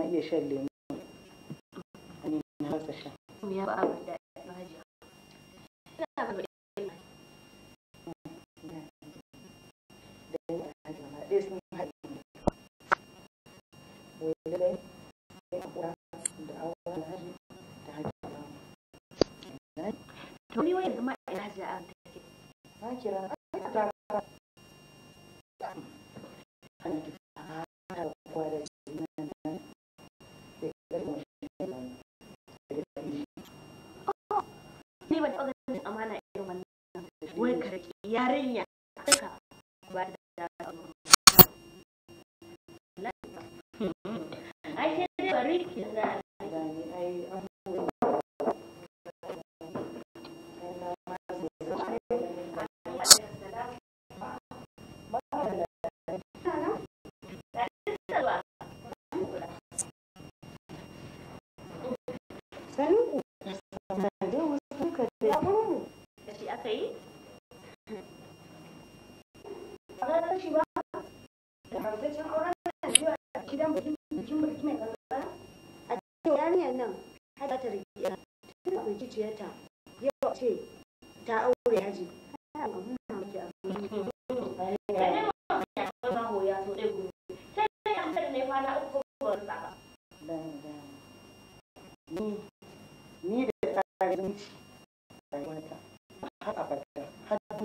ما يشلي أنا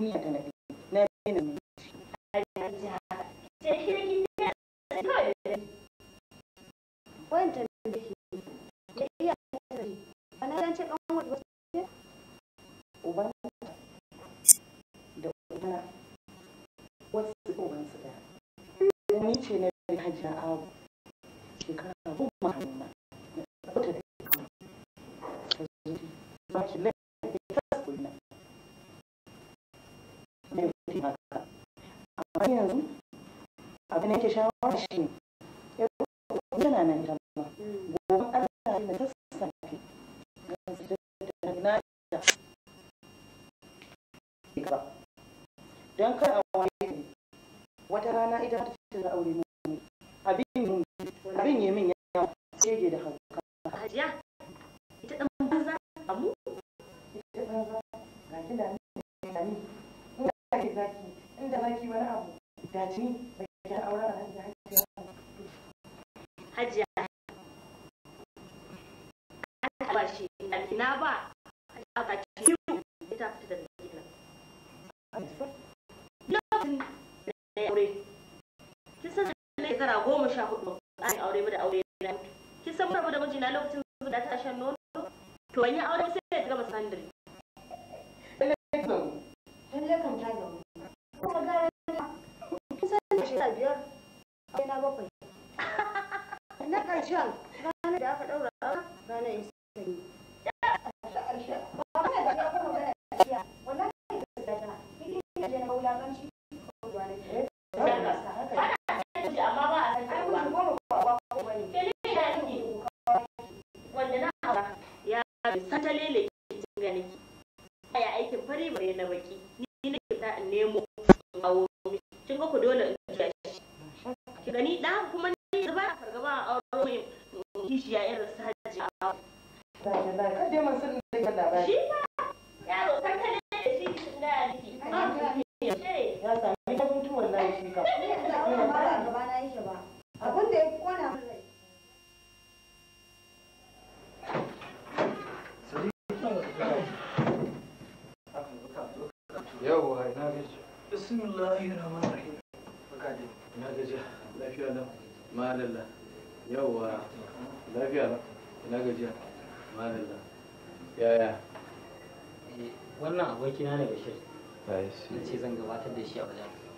見えてない。yanke shawara shi ne yana nan da ma gobe ana yi na sassafe na da ba don kar a waye wata rana idan ta ce za aure ne, abin yi min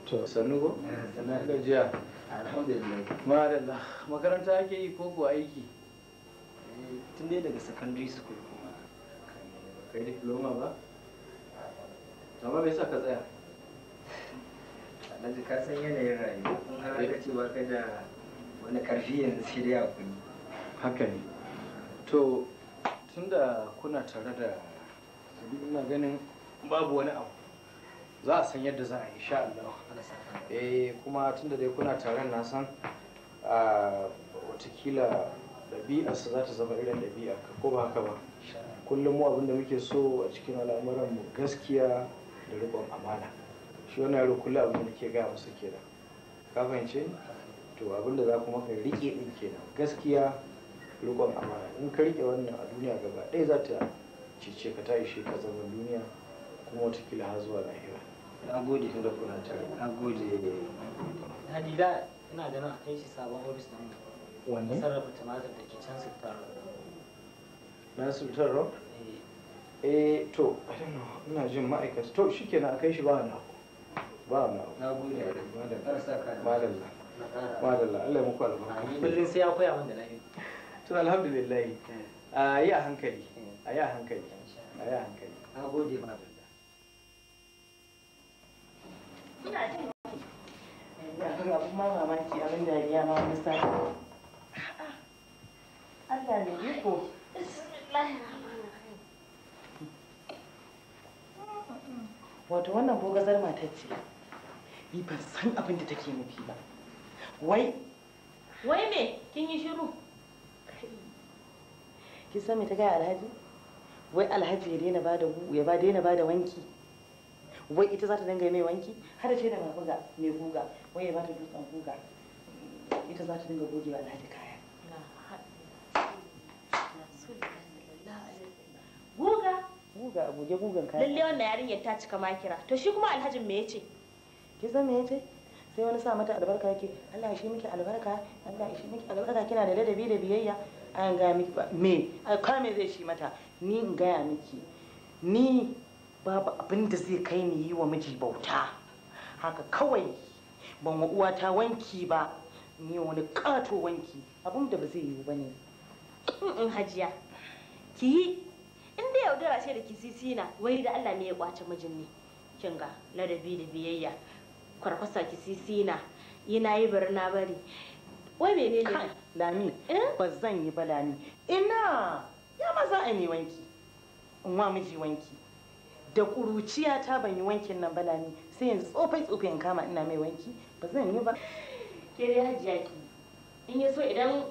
sanugo na gajiya alhamdulillah madalla makaranta ake yi ko ko aiki eh, tun dai daga secondary school kuma kai diploma ba amma bai sa ka tsaya alhaji ka san yanayin rayuwa in har aka ce ba ka da wani karfi yanzu sai dai hakuri haka ne to tunda kuna tare da ina ganin babu wani abu za a san yadda za a yi sha Allah eh kuma tunda dai kuna taron na san ah, watakila su za ta zama irin ɗabi'a ko ba haka ba kullum mu abinda muke so a cikin al'amuran mu gaskiya da riƙon amana shi wannan yaro kullum abin da ke gaya masa kenan ka fahimce to abinda za kuma ka riƙe din kenan gaskiya riƙon amana in ka riƙe wannan a duniya gaba ɗaya za ta cece ka ta ishe ka zaman duniya kuma watakila har zuwa lahira na gode da kurata na gode hadida ina da nan kai shi sabon ofis din mu wanne sarrafa tumatir da ke can sultaro na sultaro eh. eh to i don't know ina jin ma'aikata to shikenan a kai shi ba na ba na na gode malam madalla Allah ya muku albarka kullum sai ya koya min da lafiya to alhamdulillah eh. a yi a hankali a yi a hankali a yi a hankali na gode madalla abin ma mamaki abin dariya ma wani sa wato wannan bogazar matar ce ni ban san abin da take nufi ba wai wai me kin yi shiru kin san me ta gaya alhaji wai alhaji ya daina bada ya ba daina bada wanki wai ita za ta dinga mai wanki har da ce da mafuga mai guga wai ya bata dutsen guga ita za ta dinga gogewa na da kaya guga guga a goge gugan kaya lalle wannan yarinyar ta cika makira to shi kuma alhajin me yace ki san me yace sai wani sa mata albarka yake Allah ya shi miki albarka Allah ya shi miki albarka kina da ladabi da biyayya an ga miki me ka zai shi mata ni in gaya miki ni babu abin da zai kai ni yi wa miji bauta haka kawai ban wa uwa ta wanki ba ni wani ƙato wanki abin da ba zai yiwu ba ne mm, mm, hajiya ki yi in da yaudara ce da ki sisina wai da allah ne ya kwace mijin ne kin ga ladabi da biyayya kwarkwasa ki sisina yana yi bari na bari wai menene lami eh? ba zan yi ba lami ina ya maza a ne wanki in wa miji wanki da kuruciya ta ban yi wankin nan ne sai yanzu tsofai tsofai in kama ina mai wanki ba zan yi ba ke dai hajiya ki in yaso idan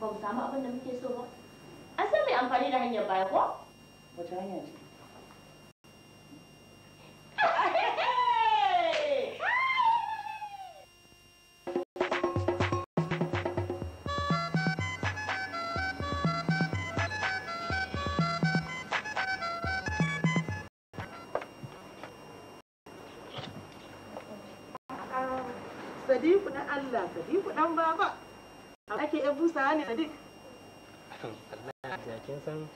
ba mu samu abin da muke so ba an san mai amfani da hanyar baya ko wata hanya ce ina ne sadiq Allah kin san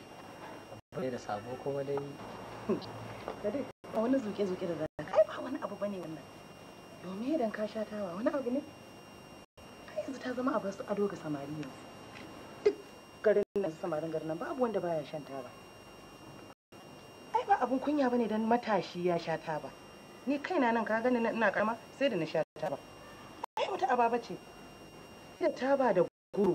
bai da sabo kuma dai sadiq ba wani zuke zuke da zaka ai ba wani abu bane wannan domin idan ka sha tawa wani abu ne ai yanzu ta zama abu ado ga samari yanzu duk garin nan samarin garin nan babu wanda baya shan taba ai ba abun kunya bane dan matashi ya sha taba ni kaina nan ka gani ina karma sai da na sha taba ai wata ababa ce ta taba da guru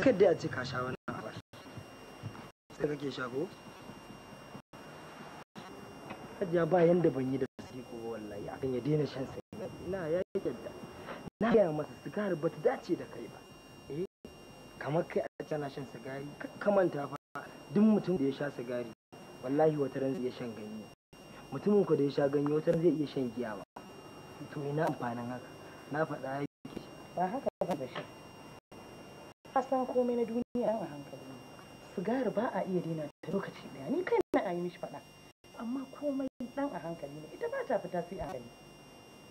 kada a ce ka sha wannan abar sai kake sha ko hajiya ba yanda ban yi da siko wallahi akan ya daina shan na ya na gaya masa sigari ba ta dace da kai ba eh kamar kai a ce shan sigari kakkamanta fa duk mutum da ya sha sigari wallahi wata ran zai shan ganye mutumin ku da ya sha ganye wata zai iya shan giya ba to ina amfanin haka na faɗa ba haka ba da shi ka san komai na duniya a hankali sigari ba a iya dina ta lokaci daya ni kai na a yi mishi faɗa amma komai dan a hankali ne ita ba ta fita sai a hankali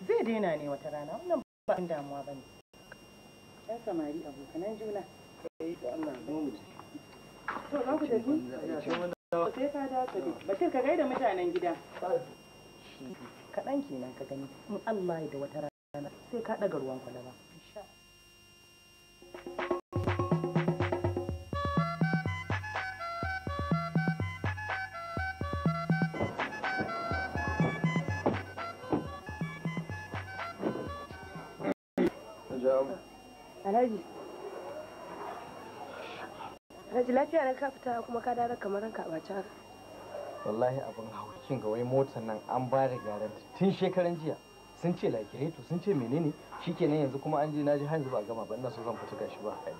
zai dina ne wata rana wannan ba damuwa ba ne yan samari abokanan juna to za ku tafi sai ka dace batir ka gaida mutanen gida kaɗan kenan ka gani in Allah ya da wata rana sai ka ɗaga ruwan kwalaba. Thank you. Alhaji. Alhaji lafiya na ka fita kuma ka dara kamar ranka a haka. Wallahi abin haukin ga wai motar nan an ba da garanti tun shekaran jiya. Sun ce lakirai to sun ce menene shikenan yanzu kuma an je naji har yanzu ba gama ba ina so zan fita gashi ba hali.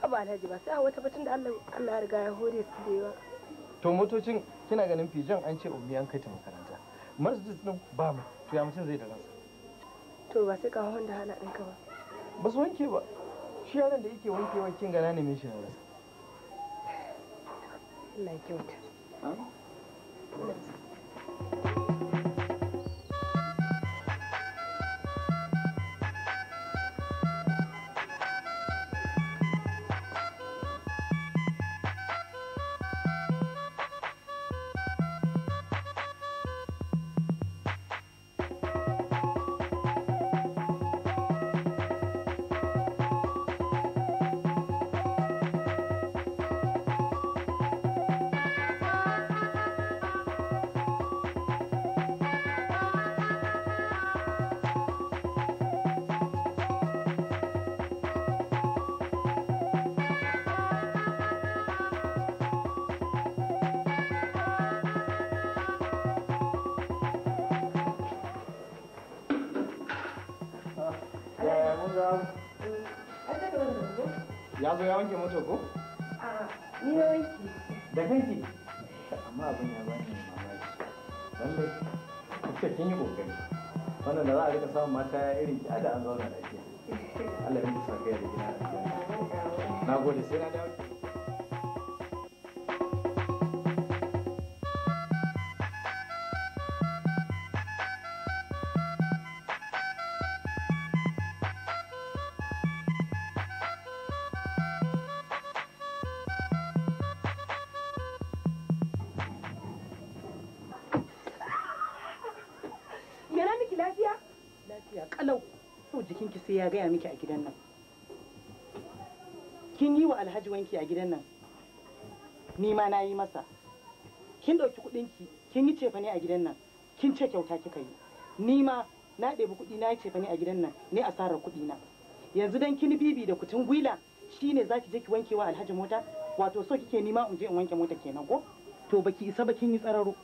Haba Alhaji ba sai a wata batun da Allah Allah ya riga ya hore su da yawa. To motocin kina ganin fijan an ce ummi an kai ta makaranta. Masjid din ba mu to ya mutum zai da ransa. To ba sai ka Honda hala ɗinka ba. ba su wanke ba shi yaron da yake wanke wankin gana ne mai shirin rasa Allah kyauta. ya zo ya wanke moto ko? A'a, ni na wanke. Da kanki? Amma abin ya ba bani mamaki. Lallai, kuka kin yi kokari. Wanda da za a rika samun mata irin ki da an zauna lafiya. Allah ya mutu sa kai da gida. Na gode sai na dawo. ki sai ya gaya miki a gidan nan kin yi wa alhaji wanki a gidan nan ni ma na yi masa kin ɗauki kuɗinki kin yi cefane a gidan nan kin ce kyauta kika yi ni ma na ɗebi kuɗi na yi cefane a gidan nan ni asarar kuɗi na yanzu dan kin bibi da kutun gwila shine zaki je ki wanke wa alhaji mota wato so kike nima in je in wanke mota kenan ko to baki isa ba kin yi tsararo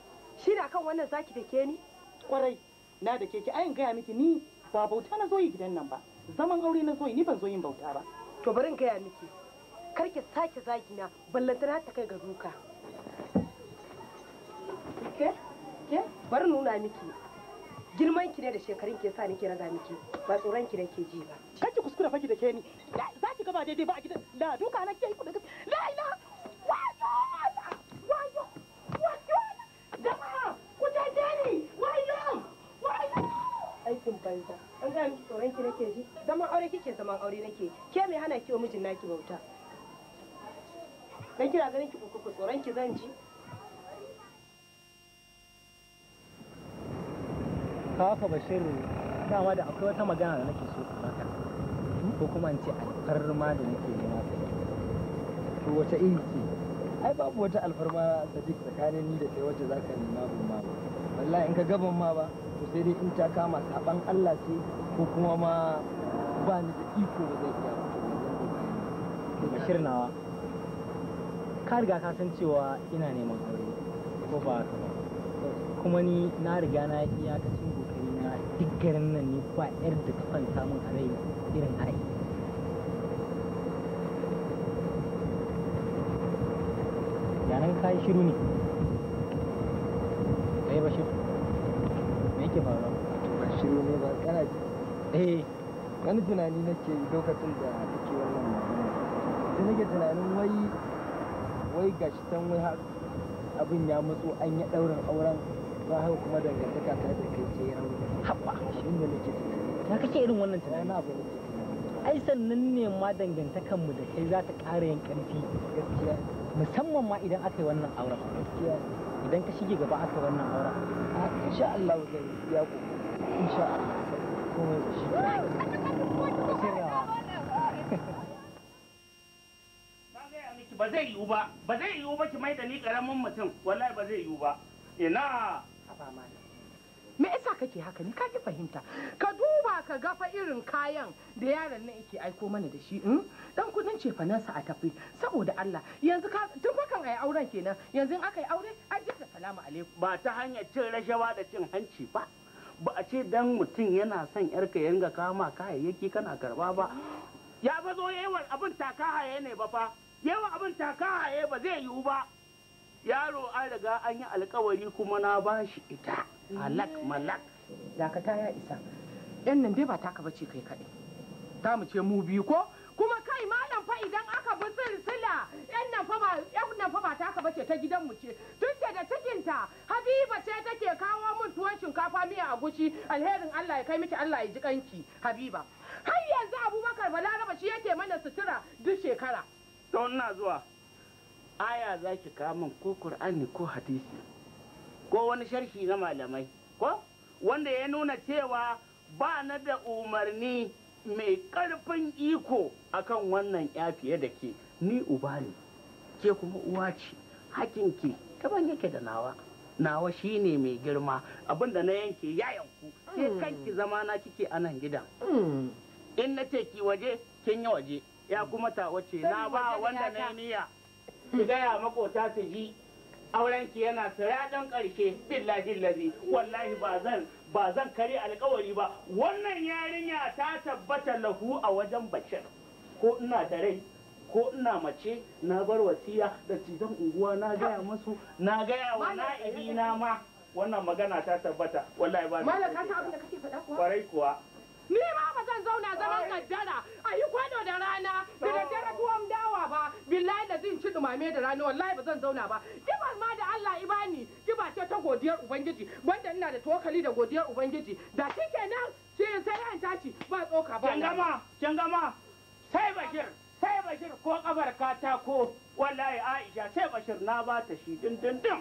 shi da kan wannan zaki da ke ni kwarai na da ke ki ayin gaya miki ni ba bauta na zoyi gidan nan ba zaman aure na zoyi ni ban zo yin bauta ba to barin in gaya miki kar ki sake zaki na ballantana ta kai ga duka ke ke bari nuna miki girman ki ne da shekarun ke sa nake raga miki ba tsoron ki nake ji ba kake kuskura faki da ke ni za ki gaba daidai ba a gidan da duka na ke yi kuɗin la ilaha aikin banza an ga miki tsoron ki nake ji zaman aure kike zaman aure nake ke me hana ki wa mijin naki bauta dan kira ganin ki ku tsoron ki zan ji ka haka bashir dama da akwai wata magana da nake so maka ko kuma in ce alfarma da nake nema to wata iri ce ai babu wata alfarma sadiq tsakanin ni da kai wacce za ka nema mun ma ba wallahi in ka gaban ma ba to sai dai in ta kama saban Allah ce ko kuma ma ba ni da iko ba zai iya ba. ba nawa ka riga ka san cewa ina neman aure ko ba ka ba kuma ni na riga na iyakacin kokari na duk garin nan ni ba yar da ka kwanta min a irin ai nan kai shiru ne eh bashir me yake faruwa ba shiru ne ba kana eh wani tunani nake lokacin da kake wannan magana sai nake tunanin wai wai gashi tan wai abin ya matso an yi daurin auren ba hau kuma dangantaka ta da kai ce yaro haba shi ne nake tunani ya kake irin wannan tunani na abu ai sannan ne ma dangantakan mu da kai za ta ƙara yin ƙarfi gaskiya musamman ma idan aka yi wannan gaskiya idan ka shige gaba aka wannan auren a insha Allah zai ya ku insha Allah komai shi ba zai yiwu ba ba zai yiwu ba ki mai da ni karamin mutum wallahi ba zai yiwu ba ina ba me yasa kake haka ne kake fahimta ka duba ka gafa irin kayan da yaron na yake aiko mana da shi in hmm? dan kudin ce sa a tafi saboda Allah yanzu ka tun fa kan ayi auren kenan yanzu in aka yi aure ajiyar da salamu alaikum ba ta hanyar cin rashawa da cin hanci ba ba a ce dan mutum yana son yar ka yanga kama kayayyaki kana karba ba ya fa zo yawan abin takahaye ne ba fa yawan abin takahaye ba zai yiwu ba yaro an riga an yi alkawari kuma na ba shi ita halak malak dakata ya isa yan nan dai ba taka bace kai kaɗai ta mu ce mu biyu ko kuma kai malam fa idan aka bi silsila yan nan fa ba yan nan fa ba taka bace ta gidan mu ce tun da da cikinta habiba ce take kawo mun tuwon shinkafa miya a gushi alherin Allah ya kai miki Allah ya ji kanki habiba har yanzu Abubakar Balaraba shi yake mana sutura duk shekara to ina zuwa aya za ki min ko Kur'ani ko hadisi ko wani sharhi na malamai ko wanda ya nuna cewa ba na da umarni mai ƙarfin iko akan wannan ya fiye da ke ni uba ne ke kuma uwa ce hakinki kaban yake da nawa nawa shine mai girma abinda na yanke ya yanku ke hmm. kanki zama na kike a nan gidan hmm. in na ce ki waje kin yi waje ya kuma ta wace na ba wanda na yi niyya ki gaya makota su ji aurenki yana siraɗin ƙarshe billahi lazi wallahi ba zan ba zan kare alkawari ba wannan yarinya ta tabbata lahu a wajen bashir ko ina da rai ko ina mace na bar wasiya da cizon unguwa na gaya musu na gaya wa na'ibi na ma wannan magana ta tabbata wallahi ba ta abin da kake kwarai kuwa ni ma ba zan zauna zaman kaddara a yi kwano da rana da daddare dawa ba billahi da zin ci dumame da rana wallahi ba zan zauna ba kibar ma da Allah ibani kiba ce ta godiyar ubangiji banda ina da tokali da godiyar ubangiji da nan sai sai an tashi ba tsoka ba kin gama sai bashir sai bashir ko kabar katako wallahi aisha sai bashir na ba ta shi dindindin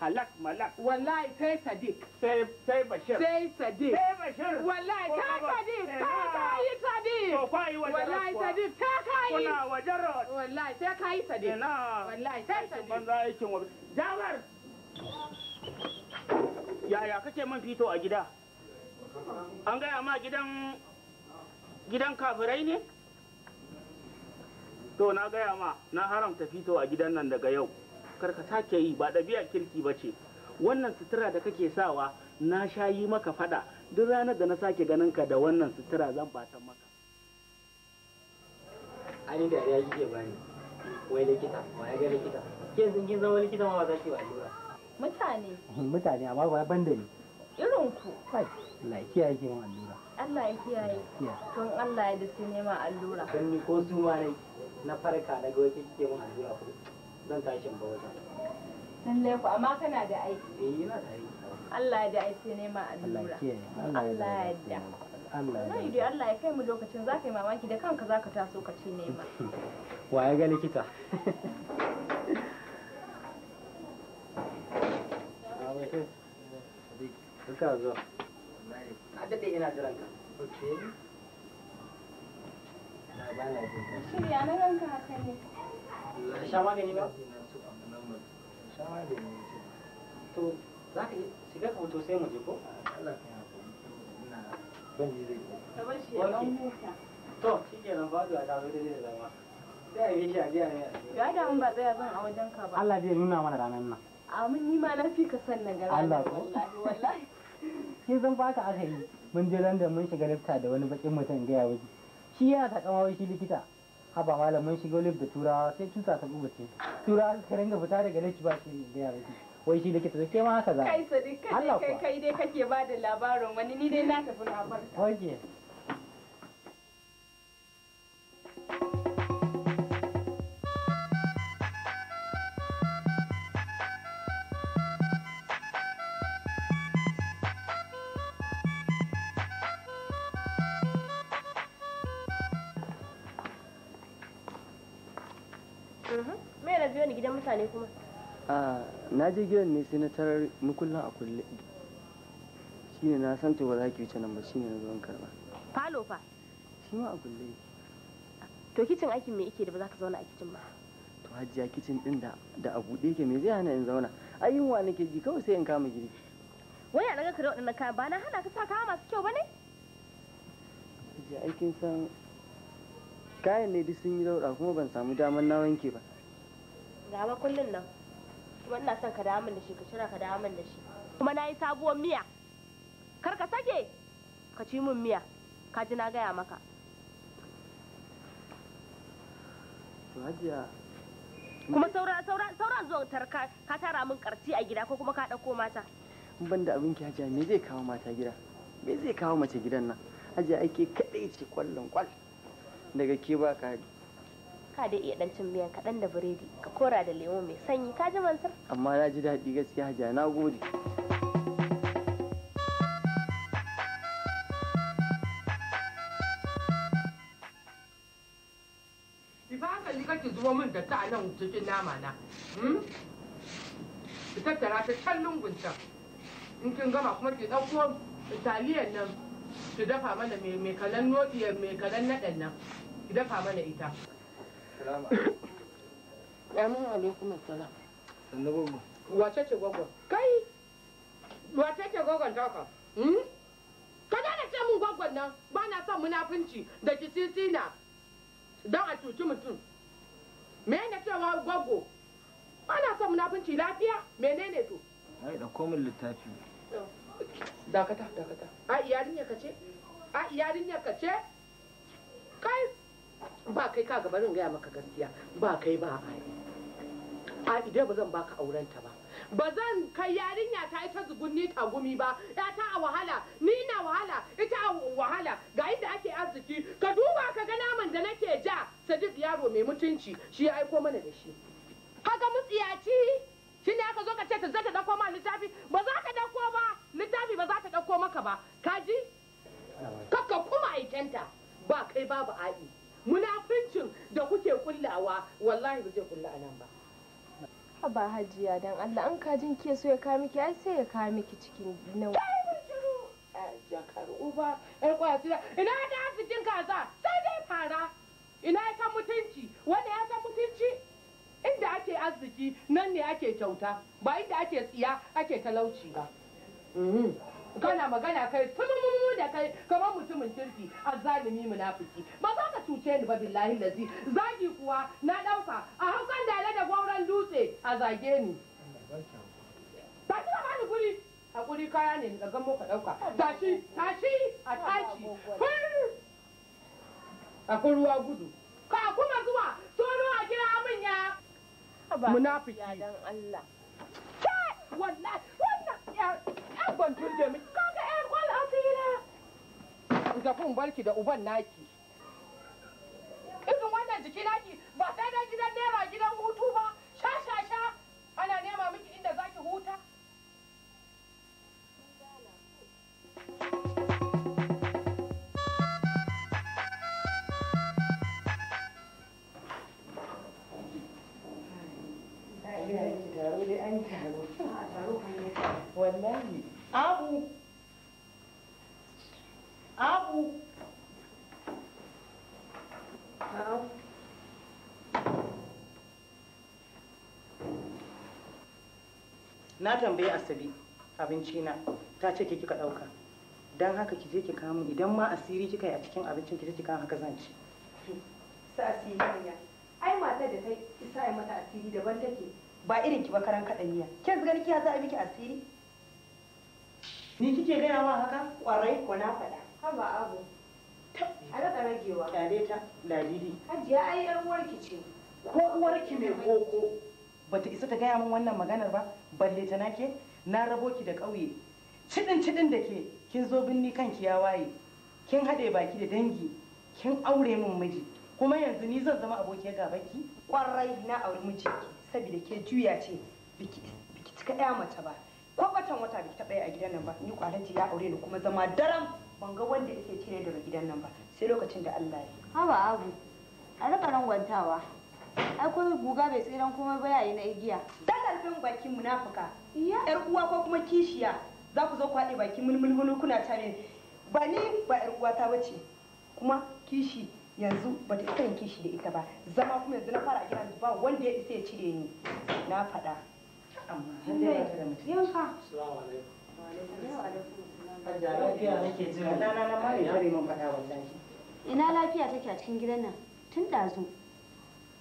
halak malak wallahi sai sadiq sai sai bashir sai sadiq sai bashir wallahi ta sadiq ta eh, kai sadiq wallahi sadiq ta kai kuna wajen wallahi sai kai sadiq ina wallahi sai sadiq banza aikin wa jabar yaya kake man fito a gida an gaya ma gidan gidan kafirai ne to na gaya ma na haramta fito a gidan nan daga yau kar ka sake yi ba ɗabi'a kirki ba ce wannan sutura da kake sawa na sha yi maka fada duk ranar da na sake ganin ka da wannan sutura zan batan maka ani da ya kike bani wai likita wai ga likita ke sun kin zama likita ma ba za ki ba allura mutane mutane amma ba banda da ni irin ku kai Allah ya kiyaye ki allura Allah ya kiyaye tun Allah ya su nema allura kun ni ko su ma na farka daga wata kike mun allura ko zan amma kana da aiki eh da aiki Allah ya da aiki ne ma allura Allah ya da Allah ya da Allah ya kai mu lokacin za ka yi mamaki da kanka za ka taso ka ci nema wa ya ga likita zo. daɗe ina jiran ka. Ok. Shirya na ranka haka ne. ka sha Allah zai nuna mana ranar nan amin yi ma ka gara Allah ko wallahi kin san ba aka yi mun je London mun shiga lifta da wani bakin mutum ga ya wuce shi yana ta kama shi likita haba malam mun shiga da turawa sai tuta ta ce turawa ka ringa fita daga lif ba shi da yara wai shi likita ke ma haka za kai sadi kai kai dai kake ba da labarin wani ni dai na tafi na farka ne kuma a na je gidan ne sai na tarar mukullin a kulle shine na san to ba za ki wuce nan ba shine na zo karba falo fa shi ma a kulle to kicin aikin me yake da ba za ka zauna a kicin ba to hajiya kicin din da da a buɗe yake me zai hana in zauna ai yunwa nake ji kawai sai in kama girki waya na ga kare waɗannan kayan ba na hana ka sa kaya masu kyau ba ne hajiya aikin san kayan ne duk sun yi dauɗa kuma ban samu damar na wanke ba ga kullun nan kuma ina son ka dawo min da shi ka cira ka dawo min da shi kuma na yi sabuwar miya kar ka sake ka ci min miya ka ji na gaya maka kuma sauran zuwan tarka ka tara min karci a gida ko kuma ka dauko mata ban da abin ki hajiya me zai kawo mata gida me zai kawo mace gidan nan hajiya ake kadai ce kwallon kwal daga ke ba ka ka da iya dan cin miyan kaɗan da biredi ka kora da lemo mai sanyi ka ji mansur amma na ji daɗi gaskiya hajiya na gode kake zuwa min da ta nan cikin nama na. Hmm? Ki tattara ta can lungun can. In kin gama kuma ki ɗauko italiyan nan ki dafa mana mai kalan notiyar mai kalan naɗan nan ki dafa mana ita. Salamu alaikum Kai! ce hmm? nan ba na son munafunci da don a cuci mutum. na Ba na son munafunci lafiya to? da komin littafi. Dakata, dakata. A iyalin ya kace? A iyalin ya kace? Kai! ba kai ka gaba zan gaya maka gaskiya ba kai ba a a idan ba zan baka ta ba ba zan kai yarinya ta ita zugunni ta gumi ba ya ta a wahala ni na wahala ita a wahala ga inda ake arziki ka duba ka ga naman da nake ja sadiq yaro mai mutunci shi ya aiko mana da shi kaga mutsiyaci shi ne aka zo ka ce ta zata dauko ma littafi ba za ka dauko ba littafi ba za ta dauko maka ba kaji kaka kuma aikenta ba kai babu a'i munafincin da kuke kullawa wallahi ba zai kulla nan ba haba hajiya dan Allah an kajin ke so ya kawo miki ai sai ya kawo miki cikin nan jakar uba ina ta arzikin kaza sai dai fara ina ta mutunci wanda ya ta mutunci inda ake arziki nan ne ake kyauta ba inda ake tsiya ake talauci ba mm-hmm. kana magana kai tumumumu da kai kamar mutumin kirki azzalimi munafiki ba za ka cuce ni ba billahi lazi zagi kuwa na ɗauka a haukan dale da gwauran dutse a zage ni ba ki bani guri hakuri kaya ne da mu ka ɗauka tashi tashi a tashi a akwai ruwa gudu ka kuma zuwa tono a kira min ya munafiki ya dan Allah wallahi wannan ban turje miki kaga ƴan kwal asira zafin barki da uban naki irin wannan jiki naki ba sai da gidan nema gidan hutu ba sha sha sha ana nema miki inda zaki huta Abu. Abu. Abu. Na tambayi Asabi na. ta ce ke kika ɗauka. Don haka ki je ki kamu idan ma asiri kika yi a cikin abincin ki je ki kawo haka zan ci. Sa asiri ya. Ai matar da ta isa mata asiri daban take ba irin ki ba karan kaɗaniya. Kin gani ki za a miki asiri? Ni kike gaya wa haka? Kwarai ko na faɗa. Haba abu. A ragewa. Kyale ta ladidi. Hajiya ai yar uwarki ce. Ko uwarki mai koko. Bata isa ta gaya min wannan maganar ba, balle ta nake na rabo ki da ƙauye. Cidin cidin da ke kin zo binni kanki ya waye. Kin haɗe baki da dangi. Kin aure min miji. Kuma yanzu ni zan zama abokiyar gabaki? Kwarai na auri mijinki saboda ke juya ce biki cika ɗaya mace ba. ko watan wata bai taɓa a gidan nan ba ni kwalaji ya aure ni kuma zama daram ban ga wanda yake cire daga gidan nan ba sai lokacin da Allah ya ba abu a rika rangwantawa ai ko guga bai tsiran kuma ba yayi na igiya dalalfin bakin munafuka yar uwa ko kuma kishiya za ku zo ku bakin baki mulmulmulu kuna ta ba ni ba yar uwa ta bace kuma kishi yanzu ba ta kishi da ita ba zama kuma yanzu na fara gidan ba wanda ya isa ya cire ni na faɗa yanka jira ina lafiya take a cikin gidan nan tun ɗazu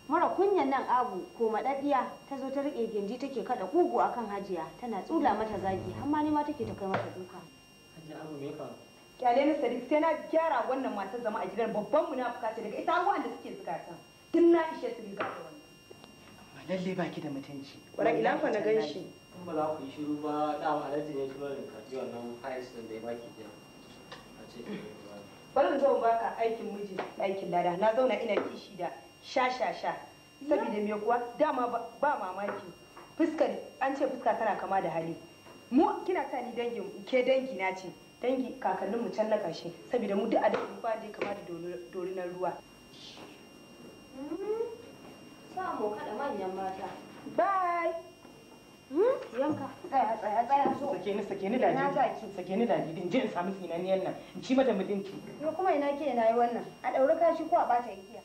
mara kunyan nan abu ko madadiya ta zo ta rike gindi take kaɗa kugu akan hajiya tana tsula mata zagi har ma ma take ta kai mata duka hajiya abu kyale na sadiq sai na gyara wannan matar zama a gidan babban munafuka ce daga ita wanda suke zukata tun na ishe su riga da lalle baki da mutunci kwarai ina fa na gan shi in ba za ku yi shiru ba da halatta ne kuma da karbi wannan fayis din da ya baki jiya a ce bari zo baka aikin miji aikin lada na zauna ina kishi da sha sha sha saboda me kuwa dama ba mamaki fuskar an ce fuska tana kama da hali mu kina sa ni dangin ke dangi na ce dangi kakannin mu can na karshe saboda mu duk a dangin ba da kama da dorinan ruwa mm-hmm. boka da manyan mata. Bye. Hmm? Yanka. Tsaya tsaya tsaya so. Sake ni sake ni daji. Na Sake ni daji din je in samu tsinaniyan nan. In ci mata mutunci. Yo kuma ina ke na yi wannan. A dauri kashi ko a bata igiya.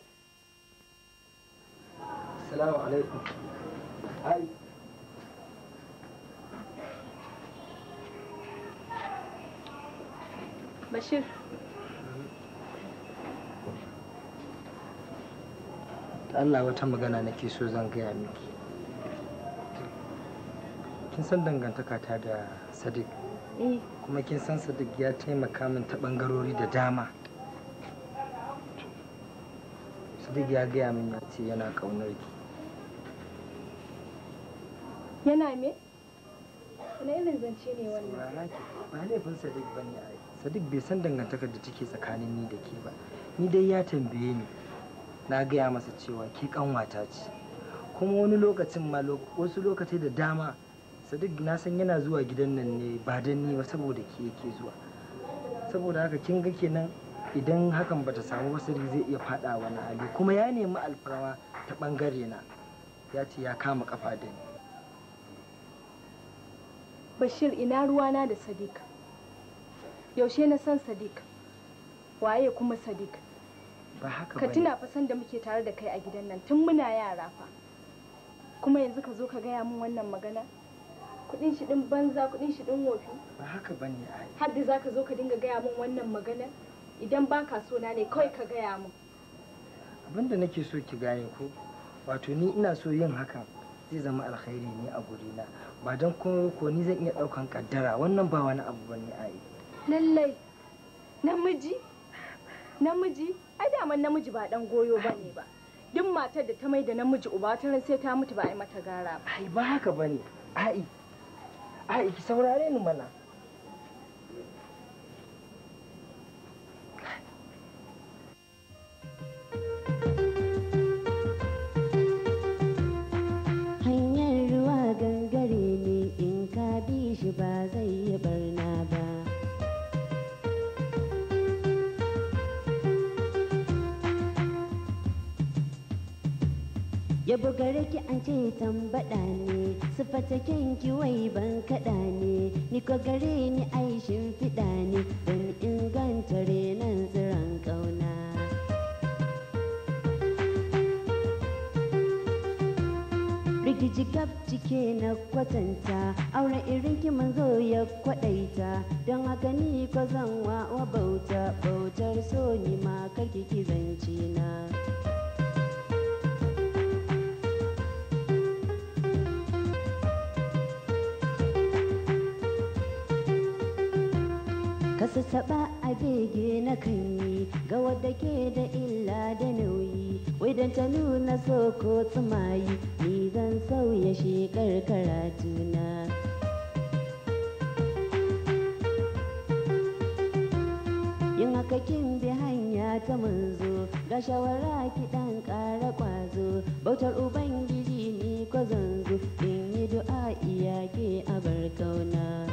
Assalamu alaikum. Hai. Bashir. Allah wata magana nake so zan gaya miki kin san dangantaka ta da sadiq eh. kuma kin san sadiq ya taimaka min ta bangarori da dama sadiq ya gaya min ya ce yana kaunar ki yana me wani irin zance ne wannan ba laifin sadiq bane ai sadiq bai san dangantakar da take tsakanin ni da ke ba ni dai ya tambaye ni na gaya masa cewa ke kanwata ce kuma wani lokacin ma wasu lokaci da dama sadiq na san yana zuwa gidan nan ne ba dan ni ba saboda ke yake zuwa saboda haka kin ga kenan idan hakan bata samu ba sadiq zai iya fada wani hali kuma ya nemi alfarma ta bangare na ya ce ya kama kafa da ni bashir ina ruwa na da sadiq yaushe na san sadiq waye kuma sadiq ba haka ka tuna fa san da muke tare da kai a gidan nan tun muna yara fa kuma yanzu ka zo ka gaya min wannan magana kudin shi din banza kudin shi din wofi ba haka bane ai har da zaka zo ka dinga gaya min wannan magana idan ba so na ne kawai ka gaya min abinda nake so ki gane ko wato ni ina so yin hakan zai zama alkhairi ne a na ba don ko ko ni zan iya daukan kaddara wannan ba wani abu bane ai lallai namiji namiji ai daman namiji ba dan goyo bane ba duk matar da ta mai da namiji uba ta sai ta mutu ba ai mata gara ba ai ba haka bane ai ai ki saurare ni mana hanyar ruwa gangare ne in ka bi shi ba zai yi barna yabo gare ki an ce tambaɗa ne sufata ki wai ban kaɗa ne ni ko gare ni aishin fiɗa ne don inganta renan tsiron ƙauna rigiji gab cike na kwatanta aure irin ki zo ya kwaɗaita don haka ni ko zan wa bauta bautar so ni ma karki ki zance na wasu taba a bege na kan yi ga wadda ke da illa da nauyi wai don ta nuna so ko tsumayi ni zan sauya shekar na. yin haka kin bi hanya ta munzo ga shawara ki dan ƙara ƙwazo bautar ubangiji ni ko zanzu in yi du'a iyake a barkauna.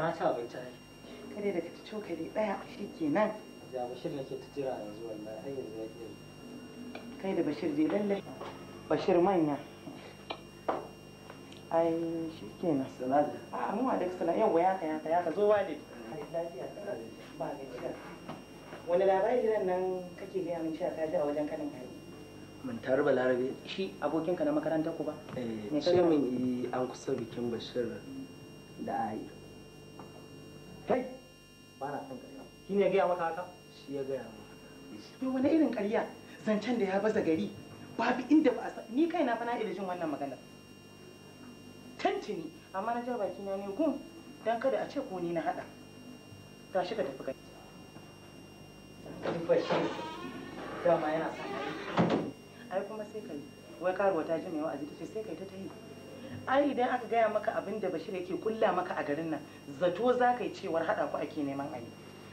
na ci abinci kare da kaci cokali daya shikenan ya bashir nake ta jira yanzu wallahi har yanzu ya ke kai da bashir dai lalle bashir manya ai shikenan salada a mu alaikum salam yau ya ka ya ka ya ka zo walid lafiya ba gajiya wani labari nan nan kake gaya min cewa ka ji a wajen kanin hari mun taru balarabe shi abokinka na makarantar ku ba eh ce min eh, an kusa bikin bashir da ayi kai ba na son ƙarya shi ne gaya maka haka shi ya gaya maka to wani irin ƙarya zancen da ya baza gari babu inda ba a ni kaina fa na da jin wannan magana tantini amma na ja baki ne gun dan kada a ce ko ni na hada shi ka tafi kai bashi dama yana sa ai kuma sai kai wai karuwa ta ji mai wa'azi tace sai kai ta tayi ai idan aka gaya maka abin da bashir yake kulla maka a garin nan zato za ka yi cewar haɗa ku ake neman yi.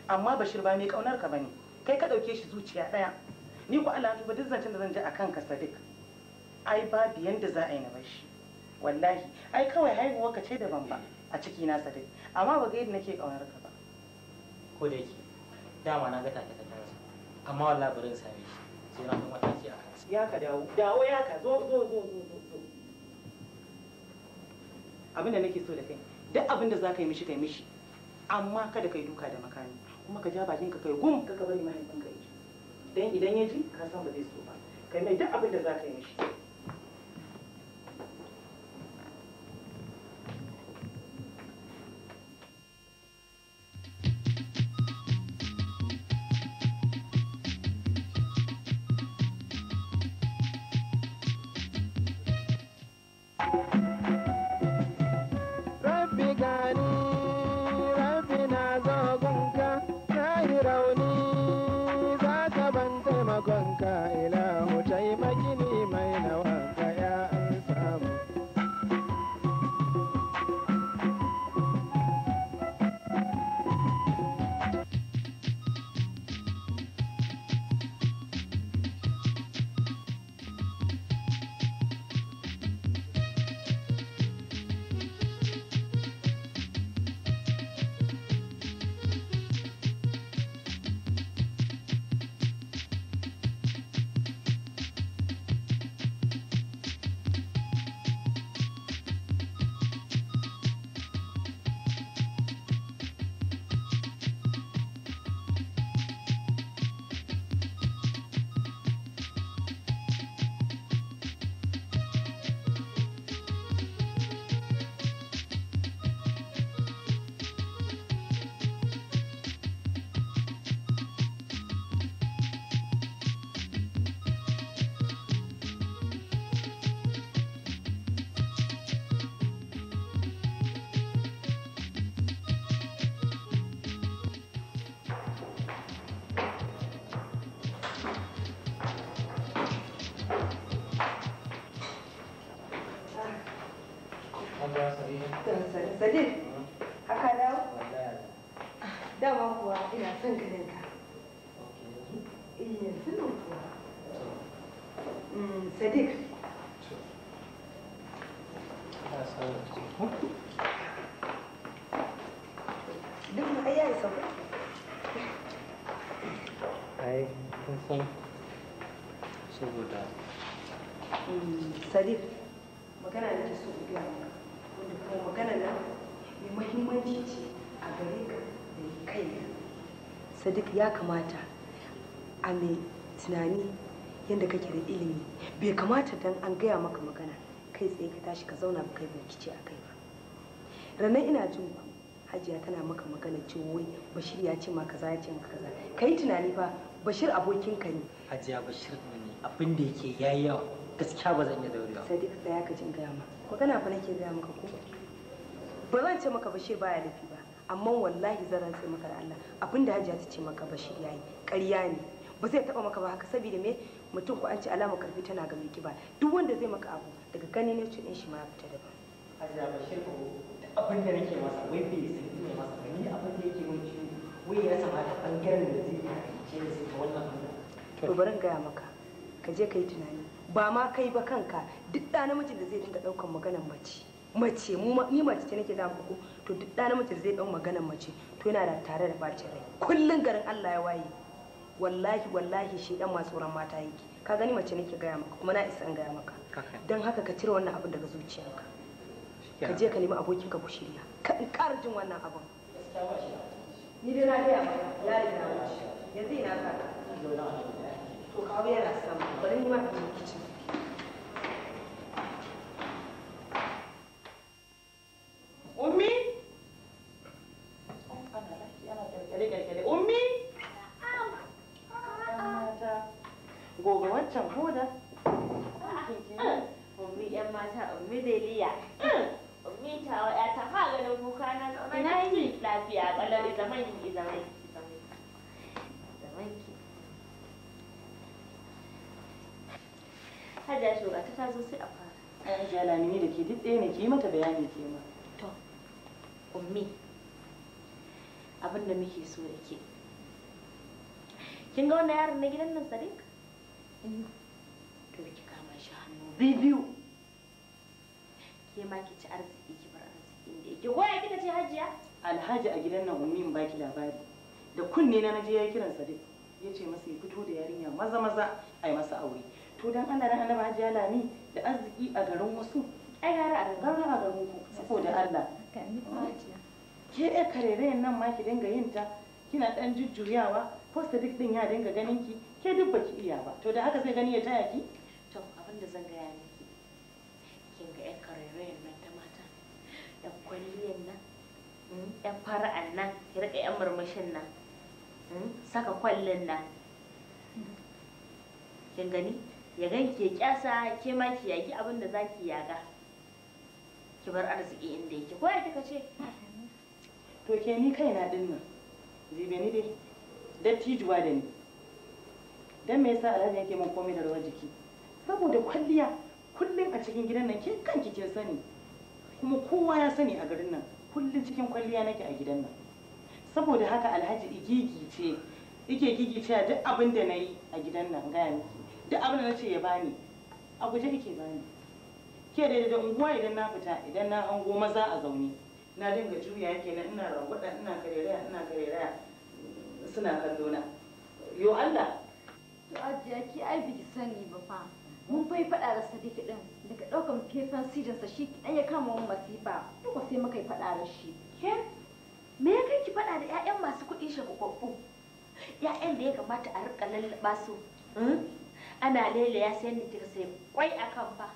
amma bashir ba mai ƙaunar ka bane kai ka ɗauke shi zuciya ɗaya ni ku Allah tuba duk zancen da zan ji a kanka sadiq ai babu yanda za a yi na bashi wallahi ai kawai haihuwa ka ce daban ba a ciki na sadiq amma ba ga yadda nake ƙaunar ka ba ko da yake dama na ga take ta amma wallahi bari in same shi sai na kuma mataki a kansa ya ka dawo dawo ya ka zo zo zo zo zo abin da nake so da kai duk abin da za ka yi mishi kai mishi amma kada ka yi duka da makami kuma ka ja bakin ka kai gum ka bari mahaifinka ya ji dan idan ya ji ka san ba zai so ba kai mai duk abin da za ka yi mishi san saboda mm, sadiq magana da ke so ku gaya wanda kuma magana na mai mahimmanci ce a gare ka da ya kai sadiq ya kamata a mai tunani yadda kake da ilimi bai kamata don an gaya maka magana kai tsaye ka tashi ka zauna ba kai bincike a kai ba ranar ina jin ku hajiya tana maka magana cewa wai bashir ya ce ma kaza ya ce maka kaza kai tunani ba. bashir abokinka ne hajiya bashir ne abin da yake yayi yawa gaskiya ba zan iya daurewa sai dai tsaya ka jin gaya ma kana fa nake gaya maka ko ba zan ce maka bashir baya lafi ba amma wallahi zan sai maka da Allah abin da hajiya ta ce maka bashir yayi ƙarya ne ba zai taba maka ba haka saboda me mutum ko an ce alama karfi tana ga mai kiba duk wanda zai maka abu daga gani ne cin shi ma fita daban hajiya bashir ko abin da nake masa wai bai san ne masa ni abin da yake mun ciwo wai ya kamata bangaren da zai ce da zai ta wannan hannun to bari gaya maka ka je ka yi tunani ba ma kai ba kanka duk ɗa namijin da zai dinga ɗaukan maganar mace mace mu ni mace ce nake zama ku to duk ɗa namijin da zai ɗau maganar mace to yana da tare da bacin rai kullun garin Allah ya waye wallahi wallahi shi dan masu tsoron mata yake ka gani mace nake gaya maka kuma na isa in gaya maka don haka ka cire wannan abin daga zuciyarka ka je ka nemi abokinka ku shirya ka in ƙara jin wannan abin ni dai na gaya maka ya riga wuce yanzu ina ka to kawo yana sama bari ni ma ka je ya shiga ta ta sai a fara. Aisha lamini da ke duk ɗaya ne ki yi mata bayani ke ma. To, ummi Abinda da muke so da Kin ga wannan yaron na gidan nan Sadiq? Eh. To ki kama shi hannu biyu. Ke ma ki ci arziki ki bar arzikin da yake. Waya kika ce hajiya? Alhaji a gidan nan ummi in baki labari. Da kunne na naje ya kiran Sadiq. Ya ce masa ya fito da yarinya maza maza a yi masa aure. to dan Allah dan Allah hajiya lami da arziki a garin wasu ai gara a garin a garin ku saboda Allah ke ɗaya karere nan ma ki dinga yin ta kina ɗan jujjuyawa ko duk din ya dinga ganin ki ke duk baki iya ba to da haka sai gani ya taya ki to abin da zan gaya miki kin ga ƴan karere nan ta mata ƴan kwalliyan nan ƴan hmm, fara'an nan ki riƙa ƴan murmushin nan hmm, saka kwallin nan hmm. kin gani ya gan ke kyasa ke ma ki yaki abin da zaki yaga ki bar arziki inda yake ko ya kika ce to ke ni kaina din nan zibe ni dai dattijuwa da ni dan me yasa alhaji yake min komai da rawar jiki saboda kwalliya kullum a cikin gidan nan ke kanki kin sani kuma kowa ya sani a garin nan kullum cikin kwalliya nake a gidan nan saboda haka alhaji igigice yake gigice duk abin da na yi a gidan nan gaya miki duk abin da na ce ya bani a guje yake bani ke da da unguwa idan na fita idan na hango maza a zaune na dinga juya yake na ina rangwada ina raya ina raya suna kallo na yo Allah to ajiya ki ai biki sani ba fa mun fai fada da sadiki din daga daukan fefan sa shi dan ya kama mun masifa ko sai muka yi fada da shi ke me ya kai ki fada da ƴaƴan masu kuɗi shagwagwaggu ƴaƴan da ya kamata a rika lallaba su hmm? ana lele ya sayar ni kika sai kwai a kan fa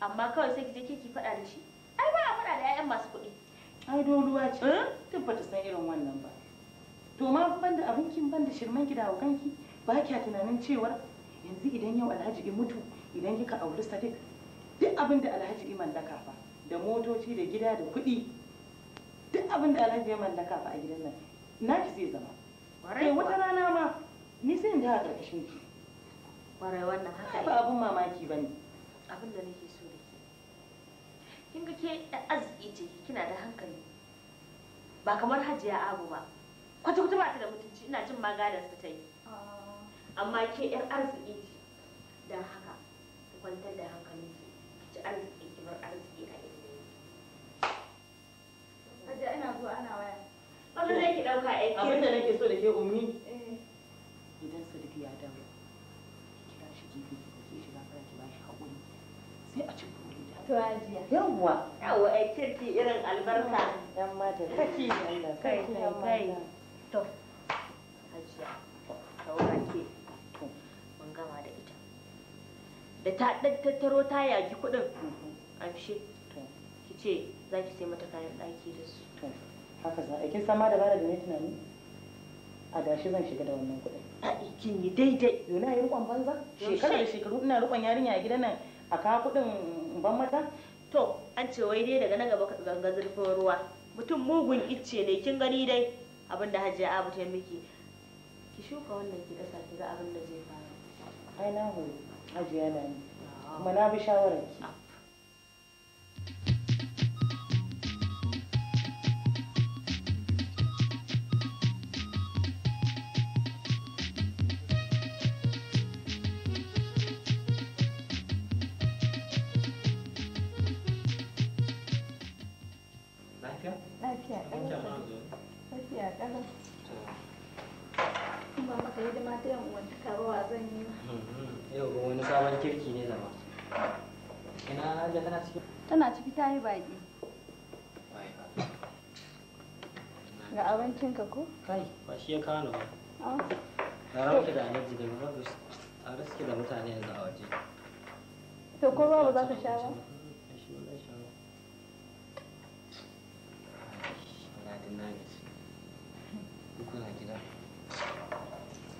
amma kawai sai kije kiki faɗa da shi ai ba a faɗa da 'ya'yan masu kuɗi ai ruwa ce tabbata eh? san irin wannan ba to ma ban da abinkin ban da shirman gida wa kanki ba kya tunanin cewa yanzu idan yau alhaji mutu idan kika auri sadiq duk abin da alhaji mallaka fa da motoci da gida da kuɗi duk abin da alhaji ya mallaka fa a gidan nan naki zai zama kai eh, wata rana ma ni sai in ji a ƙarƙashin ki Kwarai wannan haka ba abin mamaki ba ne. Abin da nake so da ke. Kin ga ke arziki ce kina da hankali. Ba kamar Hajiya Abu ba. Kwata kwata ba ta da mutunci ina jin ma gadar su ta yi. Ah. Amma ke yar arziki ce. Dan haka ki kwantar da hankali. ki. Ki ci arziki ki bar arziki a inda yake. Hajiya ina zuwa ana waya. Wannan ne ki ɗauka aiki. Abin da nake so da ke ummi. yawwa yawwa ai kirki irin albarka yan mata kaki kai kai to hajiya kaura ke mun gama da ita da ta ɗan tattaro ta yaji kuɗin mhm. amshe ki ce za ki sai mata kayan ɗaki da su to haka za a kin san ma dabara da ne tunani a gashi zan shiga da wannan kuɗin a kin yi daidai yau na yi riƙon banza shekara da shekaru ina riƙon yarinya a gidan nan a kawo kudin ban mata to an ce wai dai daga na gaba ganga zurfin ruwa mutum mugun icce ne kin gani dai abin da hajiya abu ta miki ki shuka wannan ki dasa ki ga abin da zai faru ai na hu hajiya na ni kuma na bi shawarar ki lafiya mm-hmm. yau ga wani sabon kirki ne zama ina da tana ciki tana ciki ta yi baƙi ga abincinka ko kai ba shi ya kano ba ki da da tare suke da mutane yanzu a waje to ko za ka sha ba mm-hmm.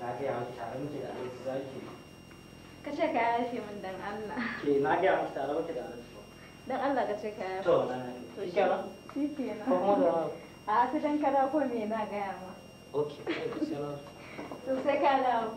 na gaya miki tare muke da alaji zaki ka ce ka yafe min dan Allah ke na gaya miki tare muke da alaji dan Allah ka ce ka yafe to na to shi kenan ko kuma da a sai dan kada ko me na gaya ma okay sai ka dawo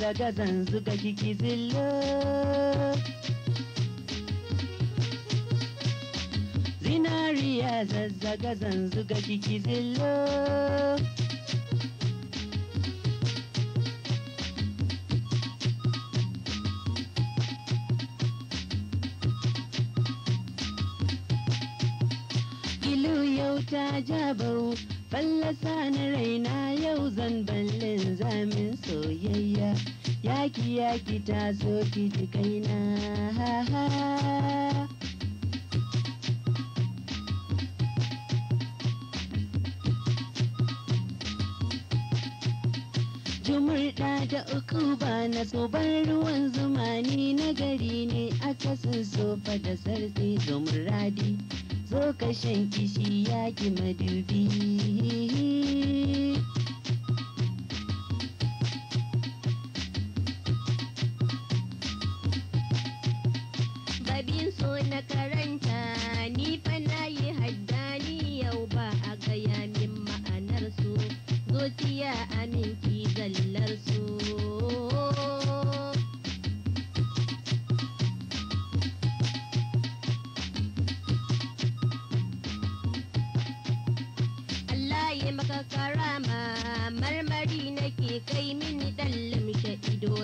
zagazan zuga jiki zillo zinariya zazzagazan zuga jiki zillo Ilu yau ta jabau fallasa na raina yau zan ballin zamin soyayya yaki yaki ta so ki kaina ha ha Jumurda da uku ba na tsobar ruwan zumani na gari ne akasin sofa da sartsi zumuradi. zo ka shan kishi yaki madubi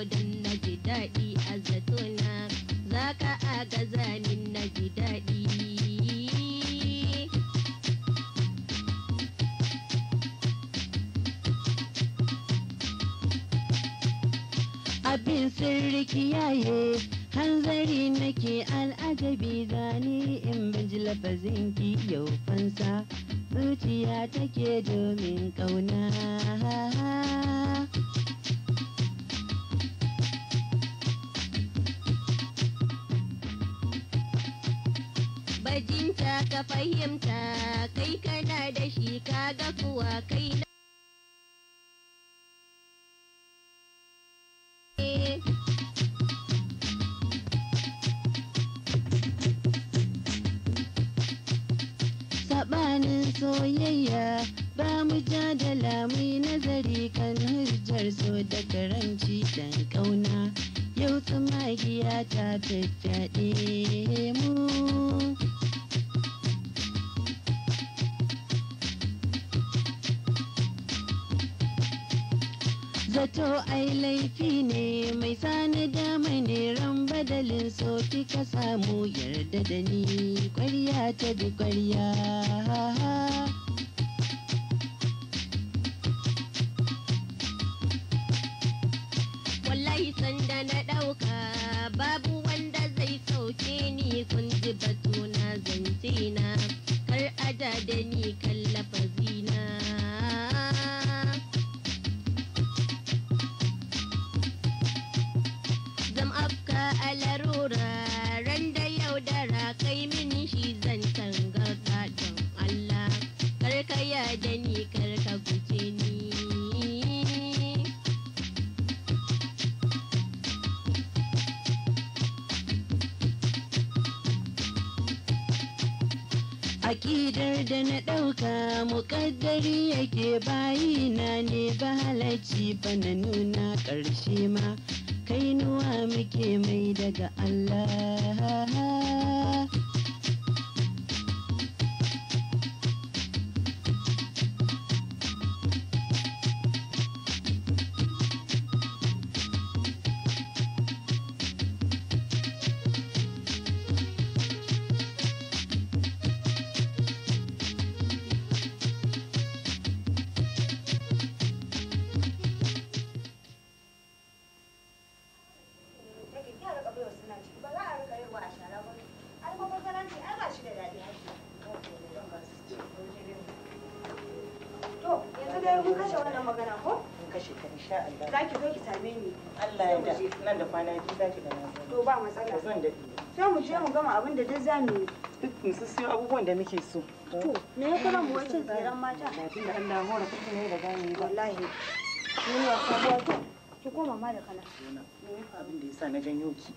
don na ji daɗi a zatona za ka agaza min na ji daɗi abin sirri kiyaye hanzari nake al'ajabi zane in banji lafazin ki yau fansa zuciya take domin ƙauna bajinta ka fahimta kai kana da shi kaga kuwa kai na Saɓanin soyayya ba mu jadala mu yi nazari kan hujjar so da karanci dan ƙauna yau tsamagiya ta tafi nake so to me ya tseren mata da tun da an da ne da gani ba wallahi ni ki koma ma da kana abin da yasa na janyo ki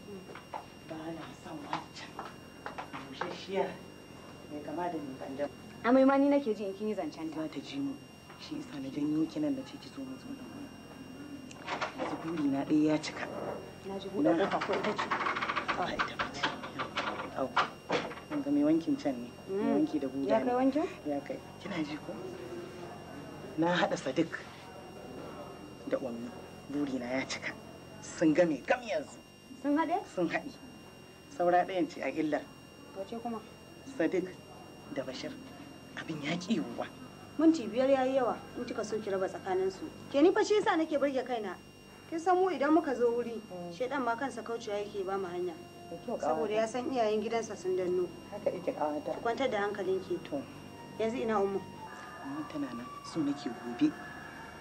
ba na wancan kama da ma ni nake ji in kin yi zancen ta ta ji mu shi yasa na janyo ki nan da ce ki zo mu zo da mu yanzu buri na ɗaya ya cika na ji buɗe ƙofa ko ita ce a ita ce ga mai wankin can ne mai mm. wanki da buda ya kai wankin ya kai kina ji ko na hada sadik da ummi burina ya cika sun game gam yanzu sun haɗe sun hade saura ɗayan ce a illar ce kuma sadik da bashir abin ya ki yiwuwa minti biyar yayi yawa in kika so ki raba su ke ni fa shi yasa nake burge kaina kin san mu idan muka zo wuri mm. shedan ma kansa kauciya yake ba mu hanya saboda ya san iyayen gidansa sun danno haka ita kawata ki kwantar da hankalinki to yanzu ina umma umma tana nan so nake gobe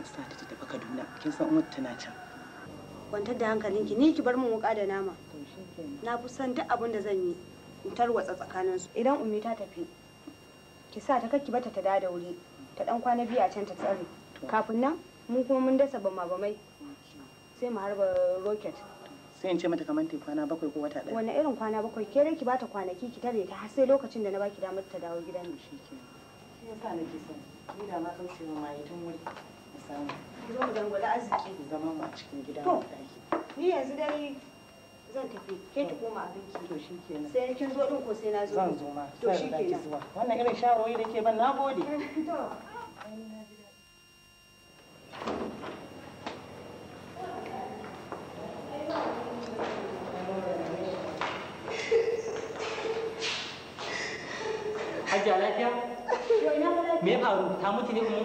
sa ta tafi Kaduna kin san umma tana can kwantar da hankalinki ni ki bar min muka da nama na fi san duk abin da zan yi in tarwatsa tsakanin su idan ummi ta tafi ki sa ta kakki bata ta da wuri ta dan kwana biyu a can ta tsare kafin nan mu kuma mun dasa bama bamai sai mu harba rocket sai in ce mata kamar tai kwana bakwai ko wata ɗaya wani irin kwana bakwai ke dai ki bata kwanaki ki tare ta har sai lokacin da na baki damar ta dawo gidan mu shi ke shi yasa ke son ni da ma kauce ma mai tun wuri na samu ki zo mu dangwala arziki ki zama mu a cikin gida mu daki ni yanzu dai zan tafi ke ki koma abinki to shi kenan sai kin zo din ko sai na zo zan zo ma to shi zuwa. wannan irin shawarwari da ke ban nagode to me ya faru ta mutu ne kuma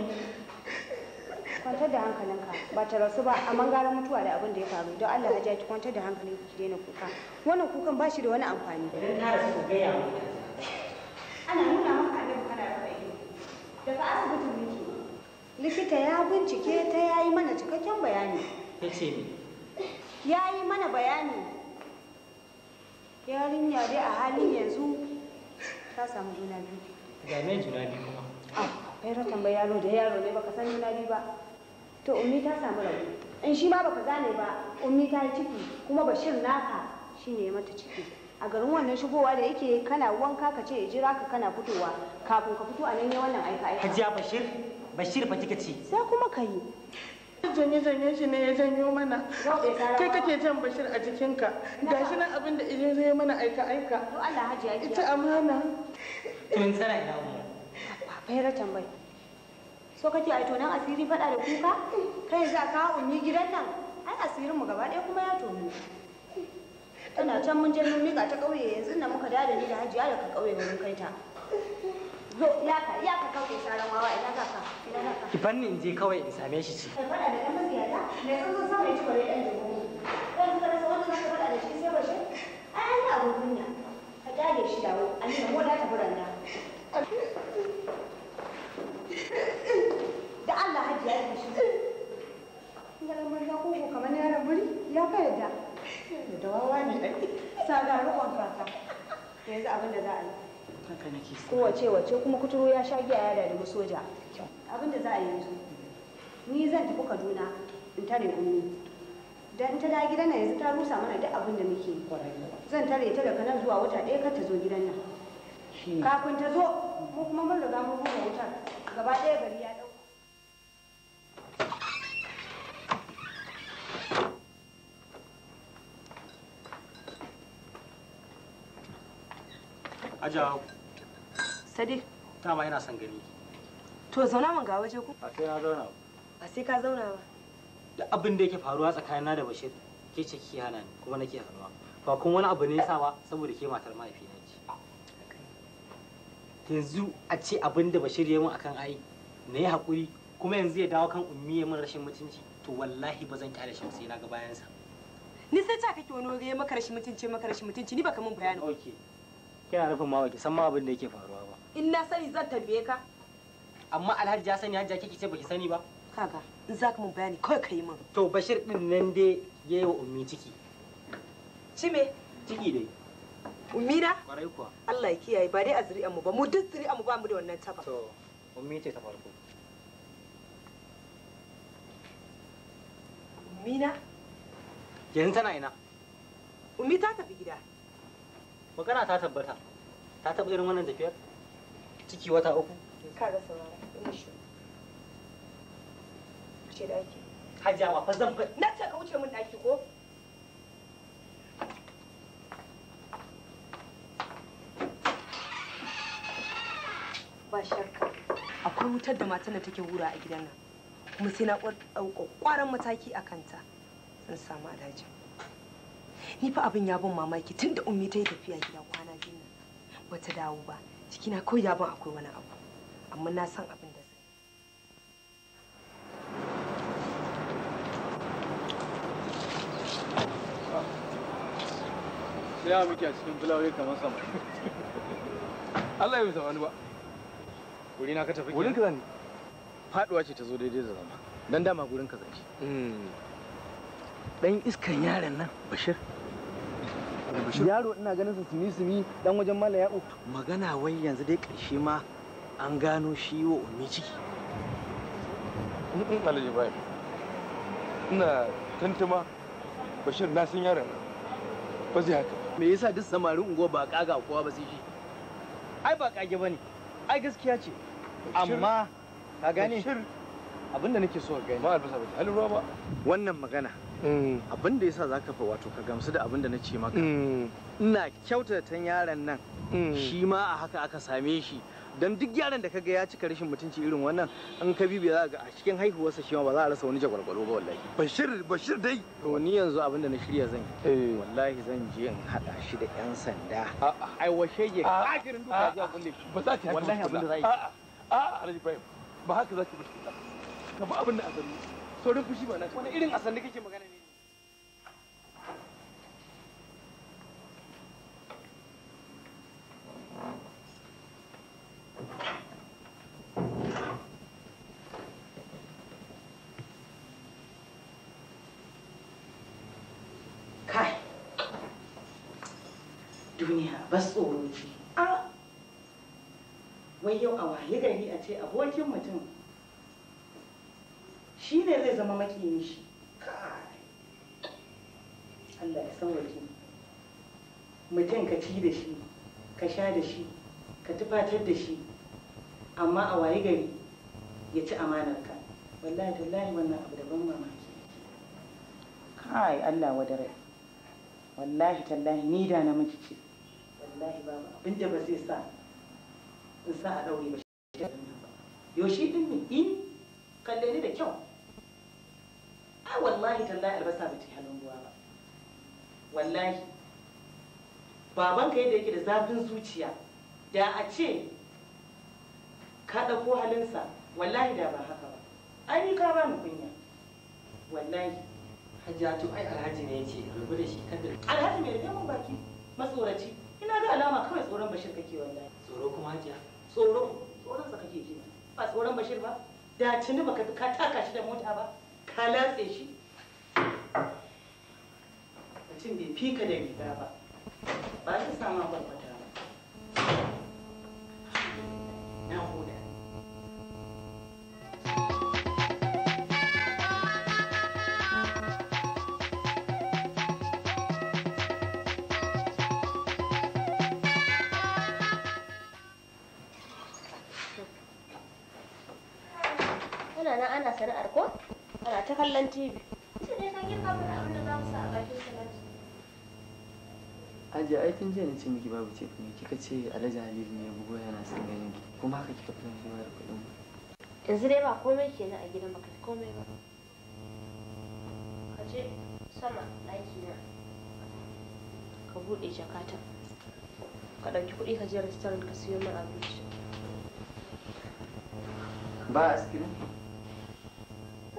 kwantar da hankalinka ba ta rasu ba amma gara mutuwa da abin da ya faru don Allah hajiya ki kwantar da hankalin ki daina kuka wannan kukan ba shi da wani amfani idan ta rasu gaya ya ana nuna maka annabi kana da kai daga asibitin miki likita ya bincike ta yayi mana cikakken bayani ya ce ni yayi mana bayani yarinya dai a halin yanzu ta samu juna biyu ga juna biyu Ah, kai ka tambayi yaro da yaro ne baka san na biyu ba to ummi ta samu rauni. in shi ma baka gane ba ummi ta yi ciki kuma bashir naka shine ya mata ciki a garin wannan shigowa da yake kana wanka ka ce ya jira ka kana fitowa kafin ka fito a nan ya wannan aika aika hajiya bashir bashir ba kika ce sai kuma ka yi janye janye shi ne ya janyo mana kai kake jan bashir a jikinka gashi nan abin da ido zai mana aika aika to Allah hajiya ita amana to in tsara ina fairatan bai so kake a tonan asiri faɗa da kuka kai za ka unni gidan nan ai asirin mu gaba ɗaya kuma ya tono tana can mun je mun mika ta ƙauye yanzu nan muka dada ni da hajiya da ka ƙauye mun kai ta zo ya ka ya ka kauye saran wawa ina za ka ina ka ki fanni in je kawai in same shi ci kai faɗa da ɗan maziyata mai tsantsan sa mai ci bare ɗan dubu ɗan ka rasa wanda zaka faɗa da shi sai bashin ai an yi abun kunya ka dade shi dawo a nuna mu da ta buranda da Allah hajji ya yi shi yaran mun ya koko kamar yaran muri ya fa yadda da wawa ne ai sada rukon kaka yanzu abin da za a yi haka kowace wace kuma Kuturu ya sha giya ya da soja abin da za a yi yanzu ni zan tafi Kaduna in tare ummi dan ta da gidan nan yanzu ta rusa mana duk abin da muke zan tare ta daga nan zuwa wata ɗaya kar ta zo gidan nan kafin ta zo mu kuma mun riga mun buga wutar gaba ɗaya gari ya ɗauka Ajawa. Sadiq. Dama yana son gani. To zauna mun ga waje ku. Ba sai na zauna ba. Ba sai ka zauna ba. Da abin da yake faruwa tsakanina da Bashir ke ce ki hana ni kuma nake hannuwa. Ba kun wani abu ne yasa ba saboda ke matar mahaifina ce. yanzu a ce abin da bashir ya mun akan ai na yi haƙuri kuma yanzu ya dawo kan ummi ya mun rashin mutunci to wallahi ba zan kyale shi sai na ga bayansa ni sai ta kake wani wuri maka rashin mutunci maka rashin mutunci ni baka mun bayani oke, kina nufin ma baki san ma abin da yake faruwa ba in na sani zan tambaye ka amma alhaji ya sani hajja kike ce baki sani ba kaga in zaka mun bayani kawai kai min to bashir din nan dai yayi wa ummi ciki cime ciki dai Umira? Kwarai kuwa. Allah ya kiyaye ba dai a zuri'an mu ba mu duk zuri'an mu ba mu da wannan taba. To, ummi ce ta farko. Ummina? Yanzu tana ina? Ummi ta tafi gida. Magana ta tabbata. Ta taɓa irin wannan tafiyar? Ciki wata uku? Ka ga saurara, ina shi. Ce da ake. Hajiya ma fa zan Na ce ka wuce min ɗaki ko? Ba shakka. Akwai wutar da matan da take hura a gidan nan. Kuma sai na kwaran mataki a kanta. Zan samu alhaji. Ni fa abin ya bin mamaki tunda ummi ta yi tafiya gida kwana biyu nan. Bata dawo ba. Cikina kawai ya bin akwai wani abu. Amma na san abin da zai. Sai muke a cikin fulawoyi kamar sama. Allah ya bisa ba. wuri na ka tafi wurin ka zan faduwa ce ta zo daidai da zama dan dama gurin ka zanci hmm. dan iskan yaron nan bashir yaro ina ganin su sumi sumi dan wajen mala ya'u magana wai yanzu dai karshe ma an gano shi wa ummi ciki Alhaji Ibrahim ina tantama Bashir na san yaron ba zai haka me yasa duk samarin unguwa ba kaga kowa ba sai shi ai ba kage bane ai gaskiya ce amma ka gane abinda nake so gani ba albasa ba halin ruwa ba wannan magana mm. abin da yasa zaka fa wato ka gamsu da abin da na ce maka mm. ina kyautata yaron nan mm. shi ma a haka aka same shi don duk yaran da kaga ya cika rashin mutunci irin wannan an ka bibi za ga a cikin haihuwarsa shi ma ba za a rasa wani jagwalgwalo ba wallahi bashir bashir dai to ni yanzu abin da na shirya zan yi eh. wallahi zan je in hada shi da yan sanda ah, ah. ai washe ah, ya kafirin duka zai kulle shi ba za ta wallahi abin da za yi a a alhaji ibrahim ba haka za ki bashi ka ba abin da a gani saurin fushi ba na wani irin asan da kake magana ne duniya ba tsoro ce a wai yau a waye gari a ce abokin mutum shi ne zai zama makiyin shi Allah ya sauwaki mutum ka ci da shi ka sha da shi ka tufatar da shi amma a waye gari ya ci amanar ka wallahi tallahi wannan abu ban mamaki kai Allah wadarai wallahi tallahi ni da namiji ce wallahi babu abin ba zai sa in sa a ɗaure ba yaushe din ne in kalle ni da kyau ai wallahi tallahi albasa ba ta yi halin ruwa ba wallahi babanka yadda yake da zafin zuciya da a ce ka ɗauko halinsa wallahi da ba haka ba ai ka ba mu kunya wallahi hajjatu ai alhaji ne ya ce rubu da shi kadar alhaji mai da mun baki matsoraci ina ga alama kawai tsoron bashir kake wallahi tsoro kuma hajiya tsoro tsoron sa kake ji ba tsoron bashir ba da tuni baka ka taka shi da mota ba ka latse shi mutum bai fika da riga ba ba zai sama barbata ba na ana nan ana sana'ar ko ana ta kallon tv sai aikin ai jiya na ce miki babu ce ne kika ce Alhaji Halil ne bugo yana son ganin ki kuma haka kika fita zuwa da kuɗin mu yanzu dai ba komai kenan a gidan baka komai ba ka je sama daki na ka buɗe jakata ka ɗauki kuɗi ka je restaurant ka siyo min abinci ba askirin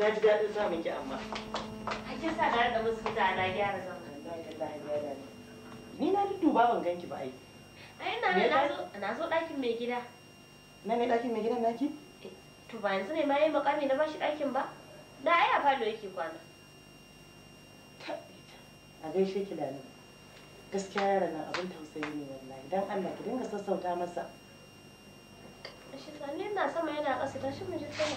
na ji daɗin samun ki amma hakin sa na rada musu fita na gyara zama ni na dudduba ban ganki ba ai ai na ne na zo ɗakin mai gida na ne ɗakin mai gidan naki eh, to ba yanzu ne ma yi makami na bashi ɗakin ba da ai a falo yake kwana a gaishe ki da ni gaskiya yaran nan abin tausayi ne wallahi dan Allah ki dinga sassauta masa shi ne na sama yana ƙasa tashi mu je sama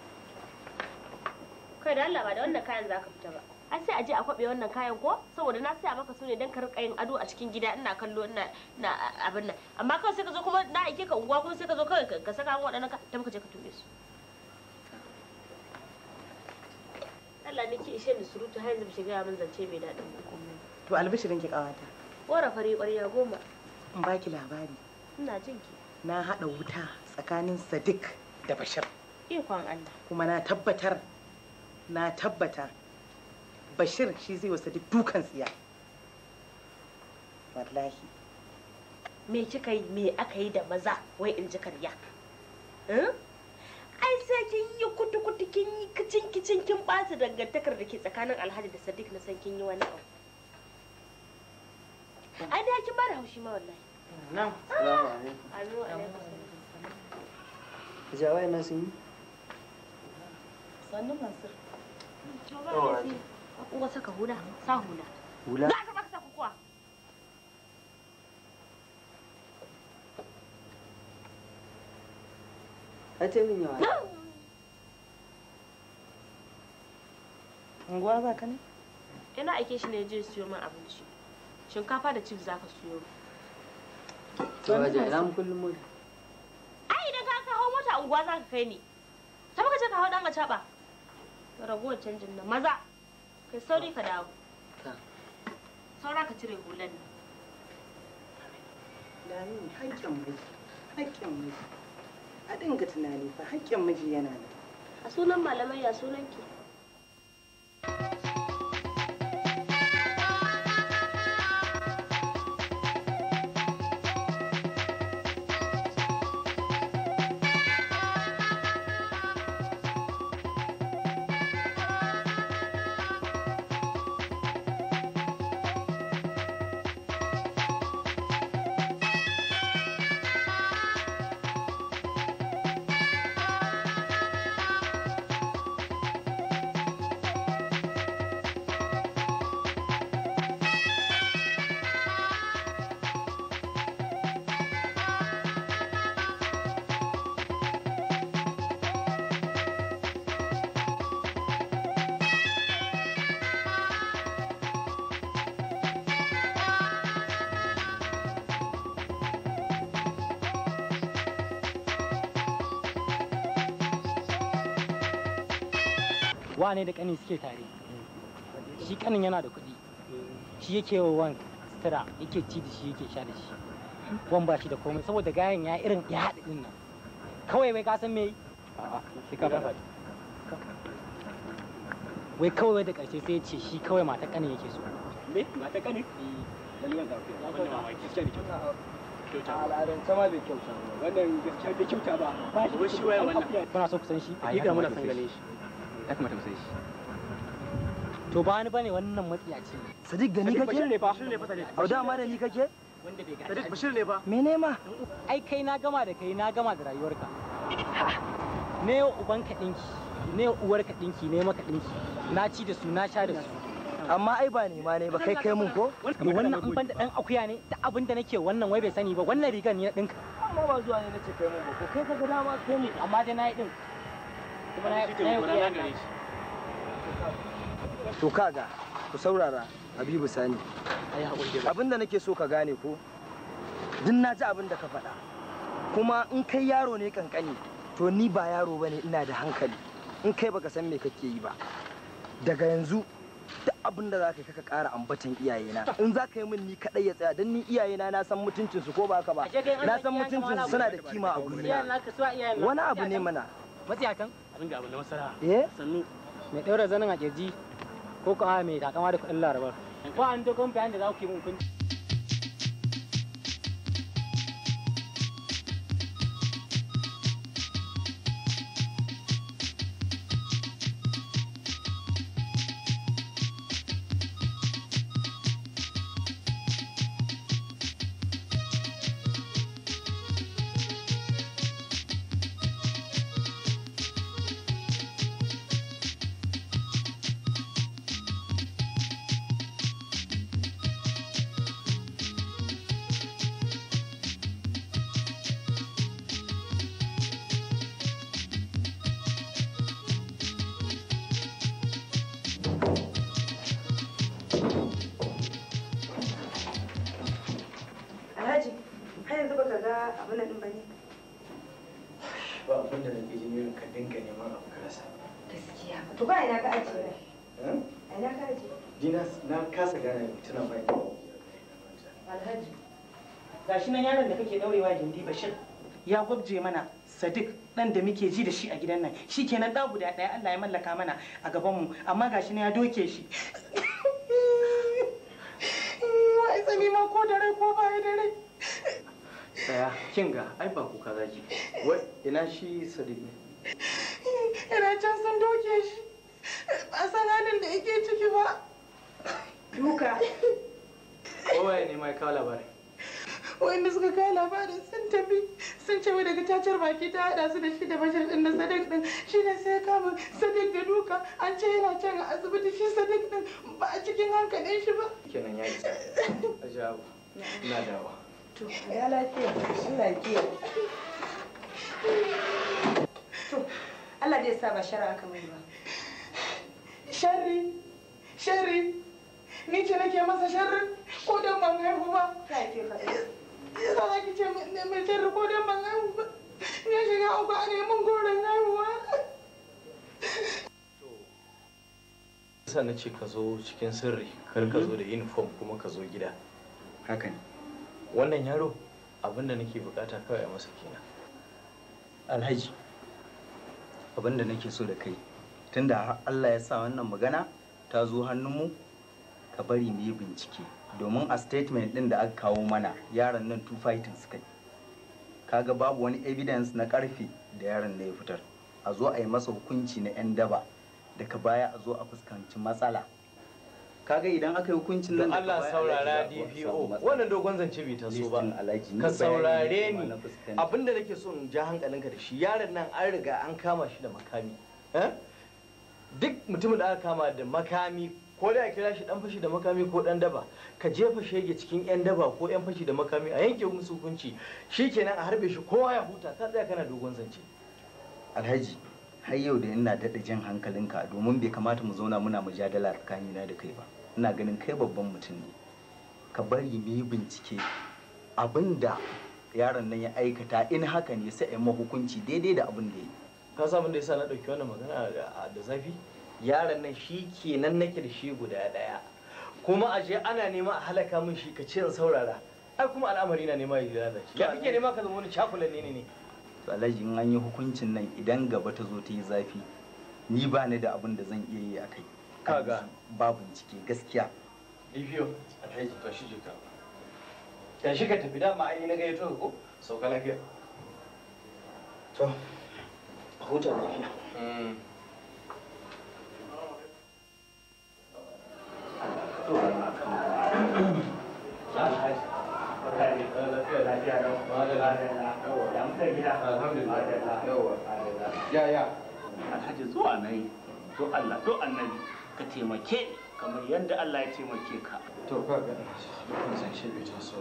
kai da Allah ba da wannan kayan zaka fita ba ai sai a je a kwabe wannan kayan ko saboda na saya maka su ne dan ka rika yin ado a cikin gida ina kallo ina na abin nan amma kawai sai ka zo kuma na aike ka unguwa kuma sai ka zo kawai ka saka mu wadannan ka tabbaka je ka tube su Allah ne ki ishe ni surutu har yanzu bishi gaya min zance mai daɗin to albishirin ki kawata wara fari ƙwarya goma in baki labari ina jin ki na haɗa wuta tsakanin Sadiq da Bashir ikon Allah kuma na tabbatar na tabbata bashir shi zai wasa dukkan tsiya wallahi me kika yi me aka yi da maza wai in ji karya eh? ai sai kin yi kutu kutu kin yi kicin kicin kin bata dangantakar da ke tsakanin alhaji da sadiq na san kin yi wani abu ai da kin bada haushi ma wallahi nan salamu alaikum jawai na sun yi sannu mansur Kuwa saka ka baka saka kuwa. Ace Unguwa za ka ne? Ina aike shi ne je siyo min abinci. Shinkafa da cif za ka siyo. To, wajen ina mu kullum mota. Ai, idan ka hau mota unguwa za ka kai ni. Ta baka ce ka hau ɗan ga caɓa. ragowar canjin na maza kai sauri ka dawo saura ka cire hulan nan ne haƙƙin miji, haƙƙin miji. A dinga tunani fa haƙƙin miji yana nan. A sunan malamai ya sunan ki. wane da kanin suke tare shi kanin yana da kuɗi shi yake wa wan sutura yake ci da shi yake sha da shi wan ba shi da komai saboda gayan ya irin ya haɗa din nan kawai bai ka san me shi ka wai kawai wai da ƙarshe sai ya ce shi kawai mata kanin yake so me mata kanin al'adance ba bai kyauta wannan gaskiya bai kyauta ba ba shi waya wannan kuna so ku san shi a muna san ganin shi ya kamata mu shi to ba ni bane wannan matsiyaci ne sadiq gani ni kake bashir ne fa bashir fa sadiq au dama da ni kake wanda bai gaji sadiq bashir ne fa me nema ai kai na gama da kai na gama da rayuwarka ne ubanka dinki ne uwarka dinki ne maka dinki na ci da su na sha da su amma ai ba nema ne ba kai kai mun ko wannan an banda dan akuya ne da abin da nake wannan wai bai sani ba wannan rigar ne na dinka amma ba zuwa ne nace kai mun ko kai ka ga dama kai mun amma dai na yi din to kaga ku saurara habibu sani abinda nake so ka gane ko duk na ji abin da ka faɗa kuma in kai yaro ne kankani to ni ba yaro bane ina da hankali in kai baka san me kake yi ba daga yanzu duk abin da zaka kaka ƙara ambatan iyayena in zaka yi min ni kadai ya tsaya dan ni iyayena na san mutuncin su ko ba haka ba na san mutuncin su suna da kima a gurina wani abu ne mana matsiyakan ringa abu da masara eh sannu mai daura zanin a kirji ko ko mai takama da kuɗin larabar ko an to kun bayan da za ku yi mun kunci ka abu na ba ne ba abin da nake jin irin ka dinga neman abu ka rasa gaskiya to ba ina ka ajiye ne hmm? a ina ka ajiye dina na kasa gane tana bai alhaji gashi nan yaron da kake daurewa gindi bashir ya gwabje mana sadiq dan da muke ji da shi a gidan nan shi shikenan da guda daya Allah ya mallaka mana a gaban mu amma gashi nan ya doke shi ai tsami ma ko da rai ko baya da rai tsaya kin ga ai ba kuka zaki wai ina shi sadiq Ina can sun doke shi ba san halin da yake ciki ba duka kowaye ne mai kawo labarin wanda suka kawo labarin sun tafi sun ce wai daga tacar baki ta hada su da shi da bashir din na sadik din shi ne sai kama sadak da duka an ce yana can a asibiti shi sadak din ba a cikin hankalin shi ba kenan ya isa ajabu na dawa To, ya lafiya, Allah ya To, Allah zai sa ba shara aka mai ba. Sharri, sharri, ni ce nake masa sharri ko don ban haihu ba. Lafiya ka Yasa za ki ce mai sharri ko don ban haihu ba. Ya shiga uku a neman gurin haihuwa. Yasa na ce ka zo cikin sirri, kar ka zo da uniform kuma ka zo gida. Haka ne. wannan yaro abin da nake bukata kawai masa kenan alhaji abin da nake so da kai tunda Allah ya sa wannan magana ta zo hannun mu ka bari mu yi bincike domin a statement din da aka kawo mana yaron nan two fighting suka yi kaga babu wani evidence na karfi da yaron da ya fitar a zo a yi masa hukunci na 'yan daba daga baya a zo a fuskanci matsala kaga idan aka yi hukuncin nan Allah saurara DPO wannan dogon zance bai taso ba ka saurare ni abinda nake so in ja hankalinka da shi yaron nan an riga an kama shi da makami eh? duk mutumin da aka kama da makami ko da kira shi dan fashi da makami ko dan daba ka jefa shege cikin yan daba ko yan fashi da makami a yanke musu hukunci shikenan a harbe shi kowa ya huta ka tsaya kana dogon zance alhaji har yau da ina daɗa jin hankalinka domin bai kamata mu zauna muna mujadala tsakanina da kai ba ina ganin kai babban mutum ne ka bari mu yi bincike abin da yaron nan ya aikata in haka ne sai a yi mahukunci daidai da abin da ya yi ka sa abin da yasa na ɗauki wannan magana da zafi yaron nan shi kenan nake da shi guda ɗaya kuma a je ana nema a halaka min shi ka ce in saurara ai kuma al'amari na nema ya lalace ya kike nema ka zama wani cakulan ne ne to alhaji in an yi hukuncin nan idan gaba ta zo ta yi zafi ni ba ni da abin da zan iya yi a kai kaga ba bincike gaskiya ibiyo alhaji to shi jika ya shi ka tafi dama ai na gaito ko sauka lafiya to huta lafiya hmm. Ya ya, alhaji zuwa nan, zo Allah, zo annabi. ka taimake ni kamar yadda Allah ya taimake ka to ka ga dukkan zance bai taso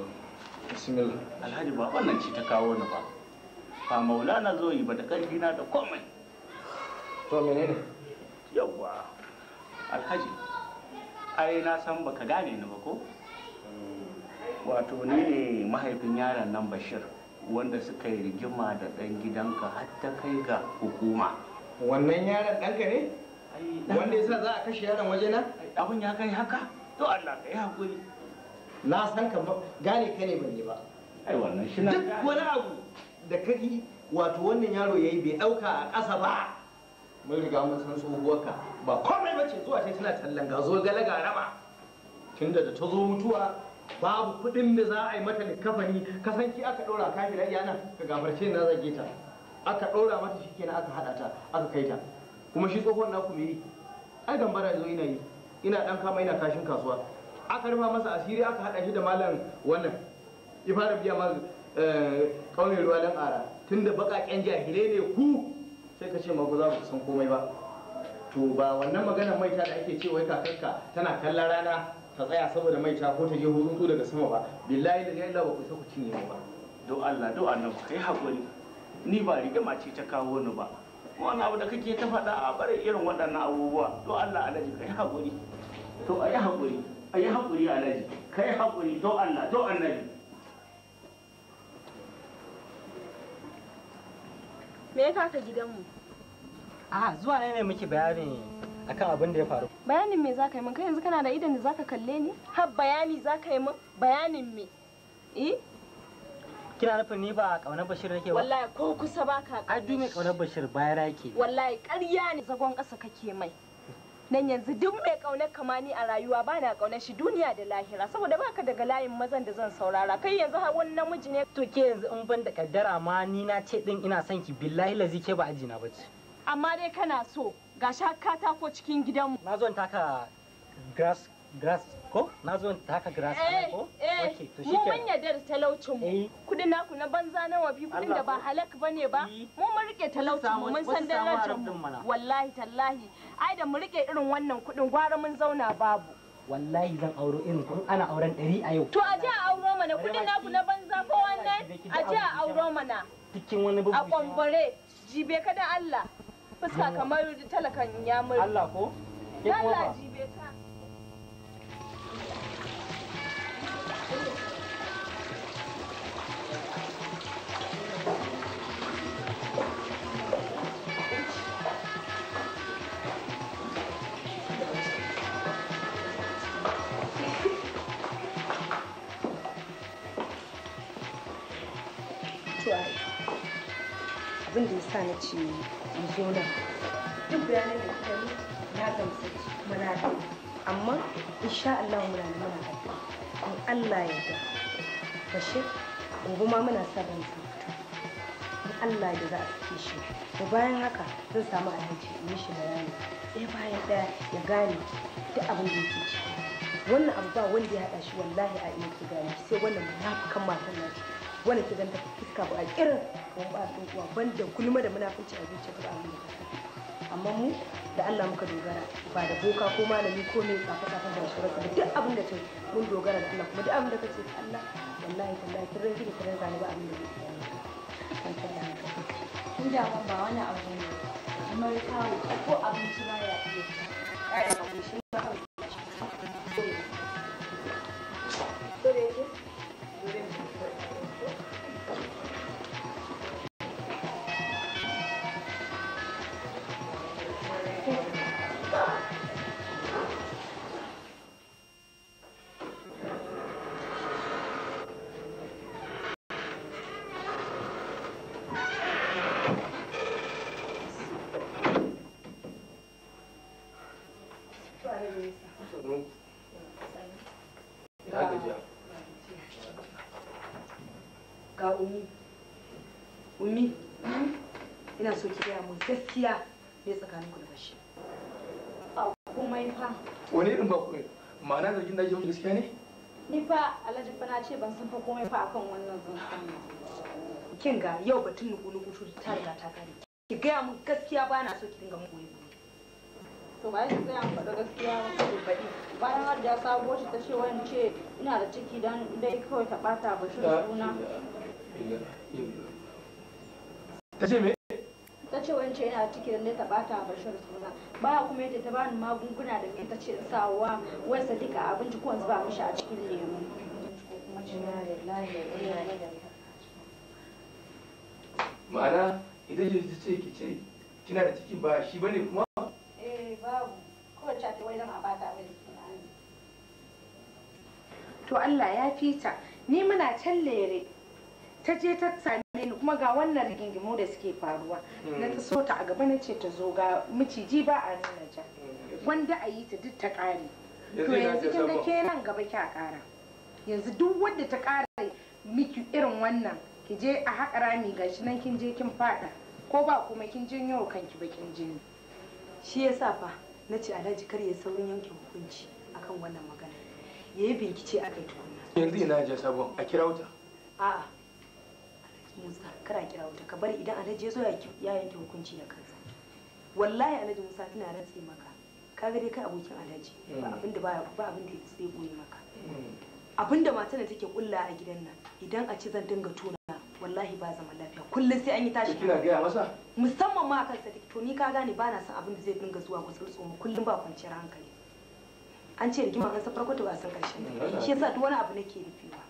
bismillah alhaji ba wannan ce ta kawo ni ba ba maulana zo yi ba da karfi na da komai to menene yawwa alhaji ai na san baka gane ni ba ko wato ni ne mahaifin yaron nan bashir wanda suka yi rigima da ɗan gidanka har ta kai ga hukuma wannan yaron ɗanka ne wanda yasa za a kashe yaron waje na abin ya kai haka to Allah ka yi haƙuri na san ka gane ka ne ban yi ba duk wani abu da kaki wato wannan yaro ya yi bai ɗauka a ƙasa ba mun riga mun san tsohuwarka ba komai ba ce zuwa ce tana tallan ga zo ga raba tunda da ta zo mutuwa babu kuɗin da za a yi mata da kafani kasanki aka ɗora kafin iya nan ka gafarce na zage ta aka ɗora mata shi kenan aka haɗa ta aka kai ta kuma shi tsohon na me yi ai gambara zo ina yi ina dan kama ina kashin kasuwa aka rufa masa asiri aka hada shi da mallam wannan ya fara biya ma kauyen eh, ruwa dan ara tunda bakaken jahilai ne ku sai ka ce ma ku za ku san komai ba to ba wannan maganar maita da ake cewa kakarka tana kallon rana ta tsaya saboda maita ko ta je hutu daga sama ba billahi da lillahi ba ku sai ku cinye ba do Allah do annabi kai hakuri ni ba rigama ce ta kawo ni ba wani abu da kake ta faɗa a bare irin waɗannan abubuwa to Allah alaji kai haƙuri to ayi haƙuri ayi haƙuri alaji kai haƙuri to Allah to annabi me ya kaka gidanmu a zuwa ne ne muke bayani akan abin da ya faru bayanin me ka yi min kai yanzu kana da idan da za ka kalle ni har bayani za ka yi min bayanin me eh kina nufin ni ba kaunar bashir nake ba wallahi ko kusa ba ka ai dume kaunar bashir bayan rake wallahi ƙarya ne zagon ƙasa kake mai nan yanzu duk mai kaunar kamani a rayuwa ba na kaunar shi duniya da lahira saboda baka daga layin mazan da zan saurara kai yanzu har wani namiji ne to ke yanzu in ban da kaddara ma ni na ce din ina son ki billahi lazi ke ba ajina amma dai kana so ga katako ko cikin gidanmu na zo taka grass grass ko na zo taka grass ne eh, ko eh, mu manya yarda da talaucin mu eh. kudin naku na banza na wafi kudin da ba halak ne ba mu mun rike talaucin mu mun san darajar mu wallahi tallahi ai da mu rike irin wannan kudin gwara mun zauna babu wallahi zan auro irin kun ana auren ɗari a yau to a je a auro mana kudin naku na banza ko wannan a je a auro mana cikin wani babu a kwambare jibe ka da Allah fuska kamar talakan ya Allah ko Allah jibe ka sa na ce in zo nan duk bayanan da kika yi na gamsu kuma na da amma insha Allah muna da muna da in Allah ya da bashir gobe ma muna sa ran sa in Allah ya za a shi to bayan haka zan samu alhaji in yi shi bayani in bayan ɗaya ya gane duk abin da yake ciki wannan abu ba wanda ya haɗa shi wallahi a ina ki gane sai wannan munafukan matan na ciki wani ki ganta fuska ba kirin kan ba sun kuwa banda gulma da munafunci a zuciya ba mu amma mu da Allah muka dogara ba da boka ko malami ko mai tsafa tsafa da surat da duk abin da kai mun dogara da Allah kuma duk abin da kace Allah wallahi tallahi kin rage da kin zani ba abin da kake da kin da ba wani abu ne amma ko abinci ba ya iya gaskiya ne tsakaninku da bashir ba komai fa wani irin ba komai ma'ana da ake miki gaskiya ne ni fa alhaji fa na ce ban san fa komai fa akan wannan zancen kin ga yau batun nuku nuku tu ta riga ta kare ki gaya mun gaskiya ba na so ki dinga mun goyi to ba shi sai an faɗa gaskiya ba baɗi bayan har da sabo shi ta ce wani ce ina da ciki dan dai kawai ta ɓata ba shi da ta ce me ta ce wancan yana ciki lalle ta bata a bashir suna ba kuma yadda ta bani magunguna da mai ta ce sawa wai sa duka abinci ko zuba shi a cikin lemu ma'ana idan ya ce ki ce kina da ciki ba shi bane kuma eh babu kowace ta wai zama a bata mai to Allah ya fita ni muna can lere ta je ta same ni kuma ga wannan rigingimu da suke faruwa na ta mm. so ta a gaba na ce ta zo ga miciji ba a nuna ja mm. wanda a yi ta duk ta kare to yanzu kin ga ke nan gaba kya kara yanzu duk wanda ta kare miki irin wannan ki je a haƙa rami gashi nan kin je kin fada ko ba kuma kin janyo kanki bakin jini shi yasa fa na ce alhaji kar ya saurin yanke hukunci akan wannan magana ya yi akai tukuna yanzu ina ja sabon a kira a'a Musa kara kira wuta ka bari idan Alhaji ya zo ya yanke hukunci da kansa wallahi Alhaji Musa tana rantse maka ka ga dai kai abokin Alhaji ba hmm. abin da ba abin da zai goye maka hmm. abin da matar da take kulla a gidan nan idan a ci zan dinga tona wallahi ba zaman lafiya kullum sai an yi tashi kina gaya masa musamman ma akan take to ni ka gane ba na san abin da zai dinga zuwa gusur mu kullum ba kwanciyar hankali an ce rigima an safar kwata ba san hmm, shi yasa duk wani abu nake rufewa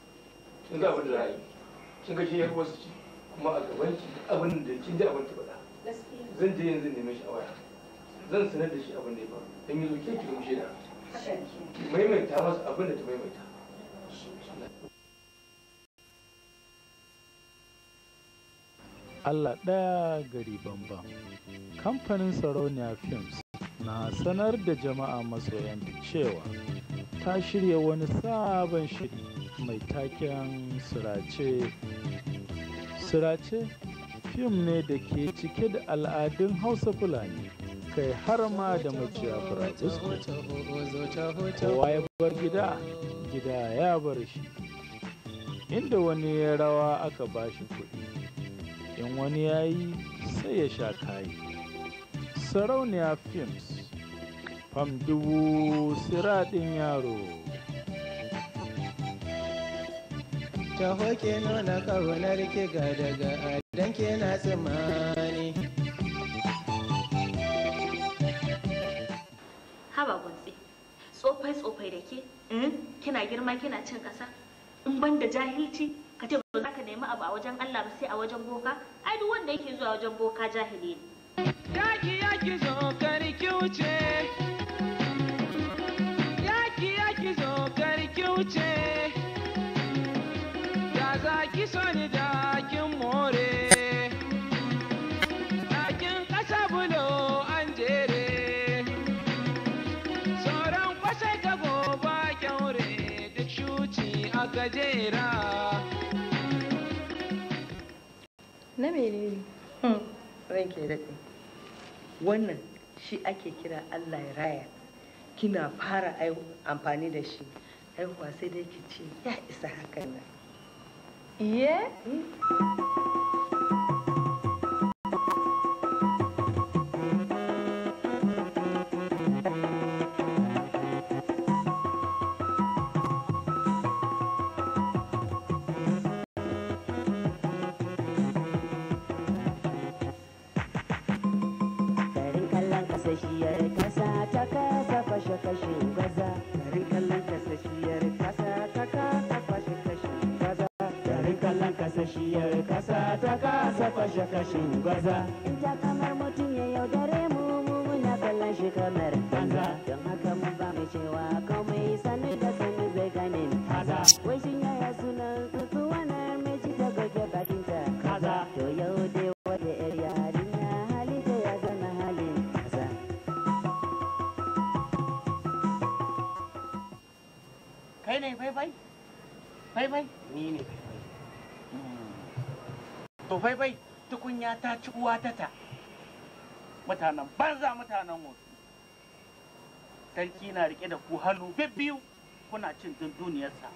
in abin da za kin ga shi wasu ci kuma a gaban ki abin da kin ji abin ki faɗa zan je yanzu neme shi a waya zan sanar da shi abin da ya faru dan yanzu ke ki kuma shaida maimaita masa abin da ta maimaita Allah ɗaya gari bambam. Kamfanin Sarauniya Films na sanar da jama'a masoyanta cewa ta shirya wani sabon shiri mai taken Sirace. Sirace fim ne da ke cike da al'adun Hausa Fulani. kai har ma da maciya buratusku kowa ya bar gida gida ya bar shi inda wani ya rawa aka bashi shi kuɗi in wani ya yi sai ya sha kayi sarauniya films fam dubu siraɗin yaro taho ke nuna kaunar ki ga daga adan ke na tsammani. Haba gunsi, tsofai tsofai da ke, eh? kina girma kina cin ƙasa, in ban da jahilci, ka ce ba za ka nemi abu a wajen Allah ba sai a wajen boka, ai duk wanda yake zuwa wajen boka jahili ne. ya ki zo kar ki wuce na menene hmm. ke daɗe wannan shi ake kira allah ya raya kina fara amfani da shi haihuwa sai dai ki ce ya isa haka na iye hmm? taka kasa fashe gaza garin kallon kasashiyar kasa ta kasa fashe kashe gaza garin kasashiyar kasa ta kasa fashe gaza in kamar mutum ya yaudare mu mu muna kallon shi kamar ya ta ci uwa ta ta mutanen banza mutanen wasu sarki na rike da ku hannu biyu kuna cin dunduniyarsa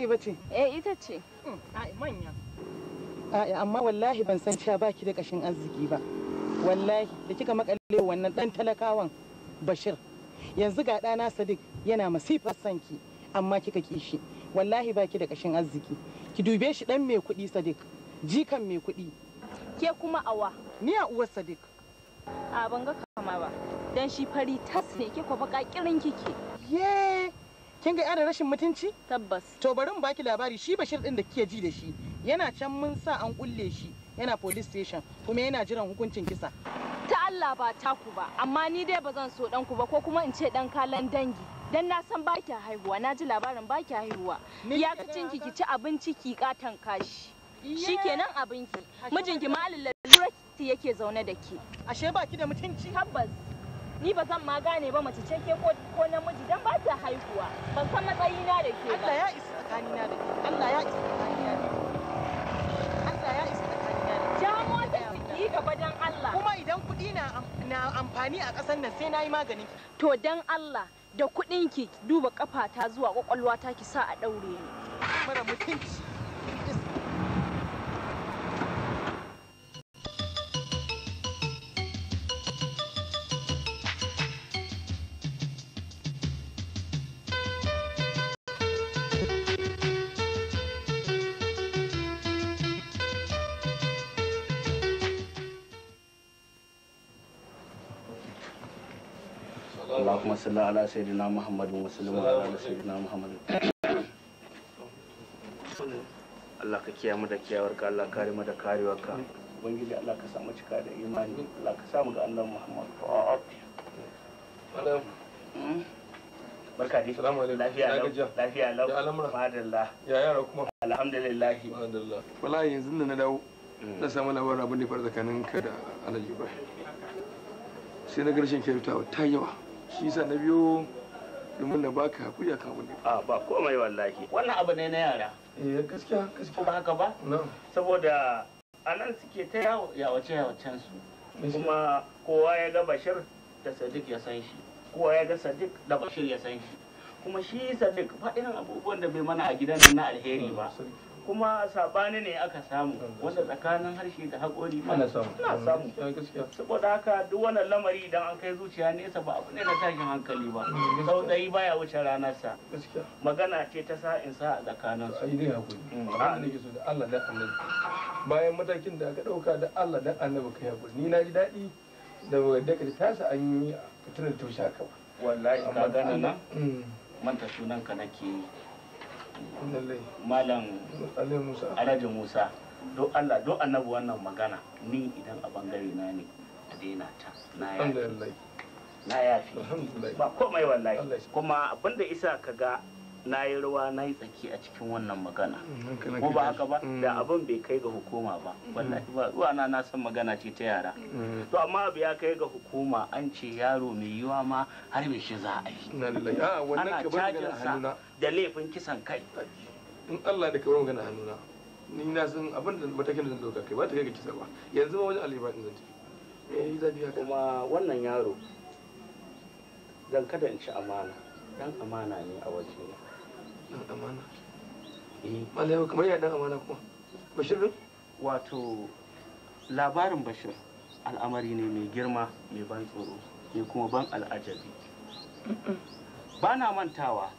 Ruka'i ba ce? Eh ita ce. Hmm, manya. A'a amma wallahi ban san cewa baki da kashin arziki ba. Wallahi da kika makale wannan dan talakawan Bashir. Yanzu ga ɗana Sadiq yana masifar sanki amma kika kishi. Wallahi baki da kashin arziki. Ki dube shi dan mai kuɗi Sadiq. Jikan mai kuɗi. Ke kuma awa. Ni a uwar Sadiq. A ban ga kama ba. Dan shi fari tas ne ke kwa baka kirin kike. Yay! kin ga da rashin mutunci tabbas to bari mu baki labari shi bashir din da kike ji da shi yana can mun sa an kulle shi yana police station kuma yana jiran hukuncin kisa ta Allah ba taku ba amma ni dai ba zan so dan ku ba ko kuma in ce dan kalan dangi dan na san baki haihuwa na ji labarin baki haihuwa ya kicin ki ki ci abinci ki katan kashi Shi kenan abinki mijinki ma lallabi yake zaune da ke ashe baki da mutunci tabbas ni ba zan ma gane ba mace ce ke ko namiji dan ba ta haihuwa ban san matsayina da ke ba Allah ya isa tsakanina da ke Allah ya isa tsakanina da ke Allah ya isa tsakanina da ke ja mota ki gaba dan Allah kuma idan kuɗi na na amfani a ƙasar nan sai nayi maganin ki to dan Allah da kudin ki duba ta zuwa kwakwalwa ta ki sa a daure ni mara mutunci Allahumma salli ala sayyidina Muhammadin wa sallim ala sayyidina Muhammadin Allah ka kiyamu da kiyawar ka Allah kare mu da karewar ka ubangiji Allah ka samu cika da imani Allah ka samu ga Allah Muhammad Madam hmm? barka dai salamu alaikum lafiya lau lafiya lau ya al'amura madalla ya yara kuma alhamdulillah madalla wallahi yanzu da na dawo hmm. na samu labarin abin da ya faru tsakanin ka da Alhaji Ibrahim sai na garshen kyautatawa ta yawa shi sa na biyo domin na baka hakuri akan abin a ah, ba komai wallahi wannan abu ne na yara eh gaskiya gaskiya ba haka ba saboda a suke ta yawo yawace yawacen su kuma kowa ya ga bashir da sadiq ya san shi kowa ya ga sadiq da bashir ya san shi kuma shi sadiq fa irin abubuwan da bai mana a gidan nan na alheri ba kuma sabani ne aka samu wanda tsakanin harshe da haƙori na samu mm, saboda haka duk wannan lamari idan an kai zuciya nesa ba abu ne na tashin hankali ba mm, sau ɗari baya wuce ranar sa magana ce ta in sa a tsakanin su ne mm. hakuri so da Allah da annabi bayan matakin da aka ɗauka da Allah da annabi kai hakuri ni na ji daɗi da wadda ka tasa an yi fitinar taushe haka wallahi ka gana na. manta sunan ka nake yi malam alhaji musa don allah don annabi wannan magana ni idan a bangare na ne a daina ta na yafi na yafi ba komai wallahi kuma abinda isa ka ga na yi rawa na yi tsaki a cikin wannan magana mm, ko ba haka ba mm. da abin bai kai ga hukuma ba mm. wallahi ba ruwa na san magana ce ta yara to amma abu ya kai ga hukuma an ce yaro mai yiwa ma har bai shi za a yi ah, ana cajin sa da laifin kisan kai in Allah da kawai magana hannuna ni na san abin da matakin da zan dauka kai ba ta kai ga kisa ba yanzu ma wajen alifa in zan tafi eh, kuma wannan yaro zan kadance amana dan amana ne a wajena dan amana eh, kamar amana kuma bashir wato labarin bashir al'amari ne mai girma mai ban tsoro mai kuma ban al'ajabi ba na mantawa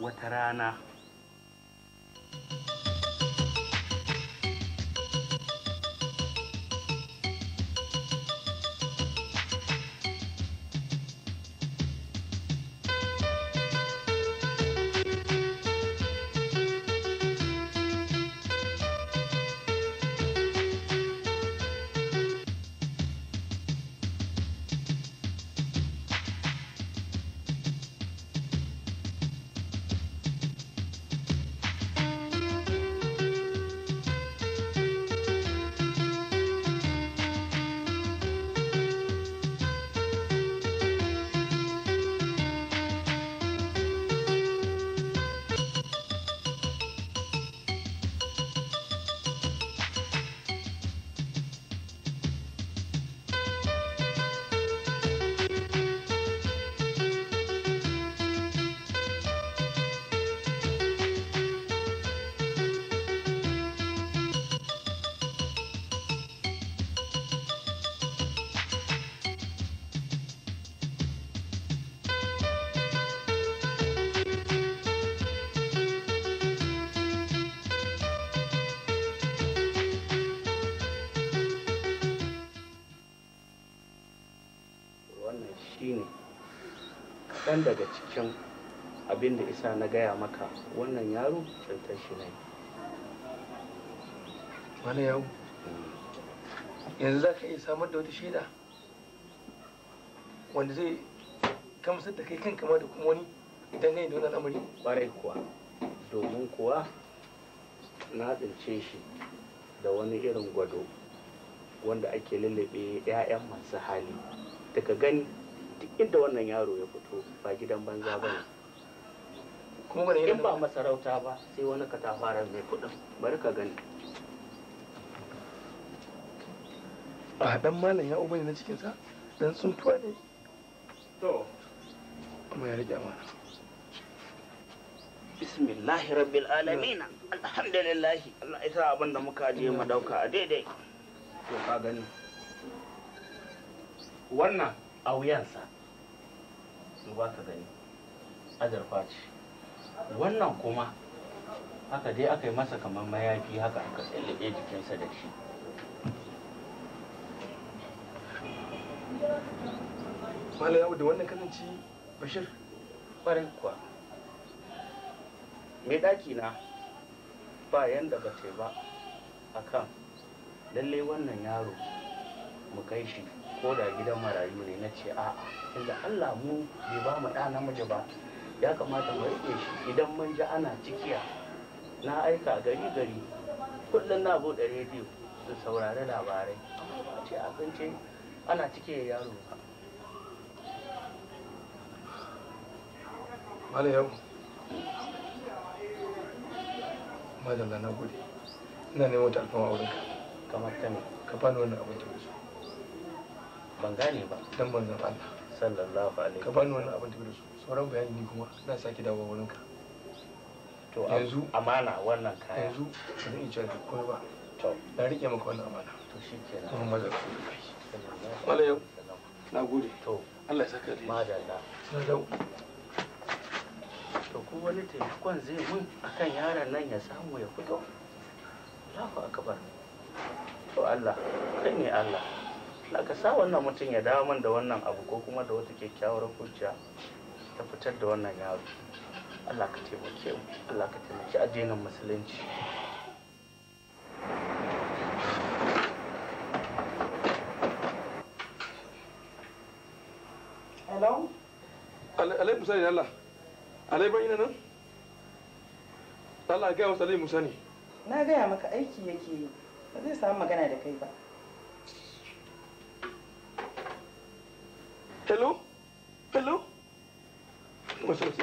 wata rana kaɗan daga cikin abin da isa na gaya maka wannan yaro cutar shi ne wani yau yanzu za ka iya samar da wata shaida wanda zai kamsa da kai kan kama da kuma wani idan ne da wani al'amari ƙwarai kuwa domin kuwa na tsince shi da wani irin gwado wanda ake lullube 'ya'yan masu hali daga gani duk inda wannan yaro ya fito ba gidan banza ba ne in ba masarauta ba sai wani katafaren mai kudin bari ka gani a dan malam ya uba ne na cikinsa dan tuwa ne to kuma ya rike amana bismillahi rabbil alamin alhamdulillah Allah ya sa abin da muka je mu dauka a daidai to ka gani wannan a wuyansa ba ka gani azurfa ce wannan kuma haka dai aka yi masa kamar mayafi haka aka tsallake jikinsa da shi mala yawo da wannan kananci Bashir ƙwarin kuwa. Mai ɗaki na ba yanda ba ce ba a kan lallai wannan yaro mu kai shi ko da gidan marayu ne na ce a'a inda Allah mu bai ba mu ɗa namiji ba ya kamata mu riƙe shi idan mun ji ana cikiya na aika gari gari kullum na buɗe rediyo su saurari labarai amma ce abinci ana cikiya yaro ba yau, Madalla na gode. Ina neman wata alfama wurinka. Kamar ta ne. Ka fano wani abin da ban gane ba dan manzon Allah sallallahu alaihi ka bani wannan abin tafi da su sauran bayani ni kuma na sake dawowa wurin ka to yanzu amana wannan kaya yanzu ba yi iya da komai ba to na rike maka wannan amana to shikenan kuma maza ku mala yau na gode to Allah ya saka da madalla na dau to ko wani taimakon zai mun akan yaron nan ya samu ya fito Allahu akbar to Allah kai ne Allah ka sa wannan mutum ya dawo man da wannan abu ko kuma da wata kyakkyawar hujja ta fitar da wannan yaro Allah ka taimake mu Allah ka taimaki addinin musulunci Hello? Alai Musa ne Allah. Alai ina nan? Allah ya gaya wasu Salimu Musa ne. Na gaya maka aiki yake yi. Ba zai samu magana da kai ba. hello hello masu wasu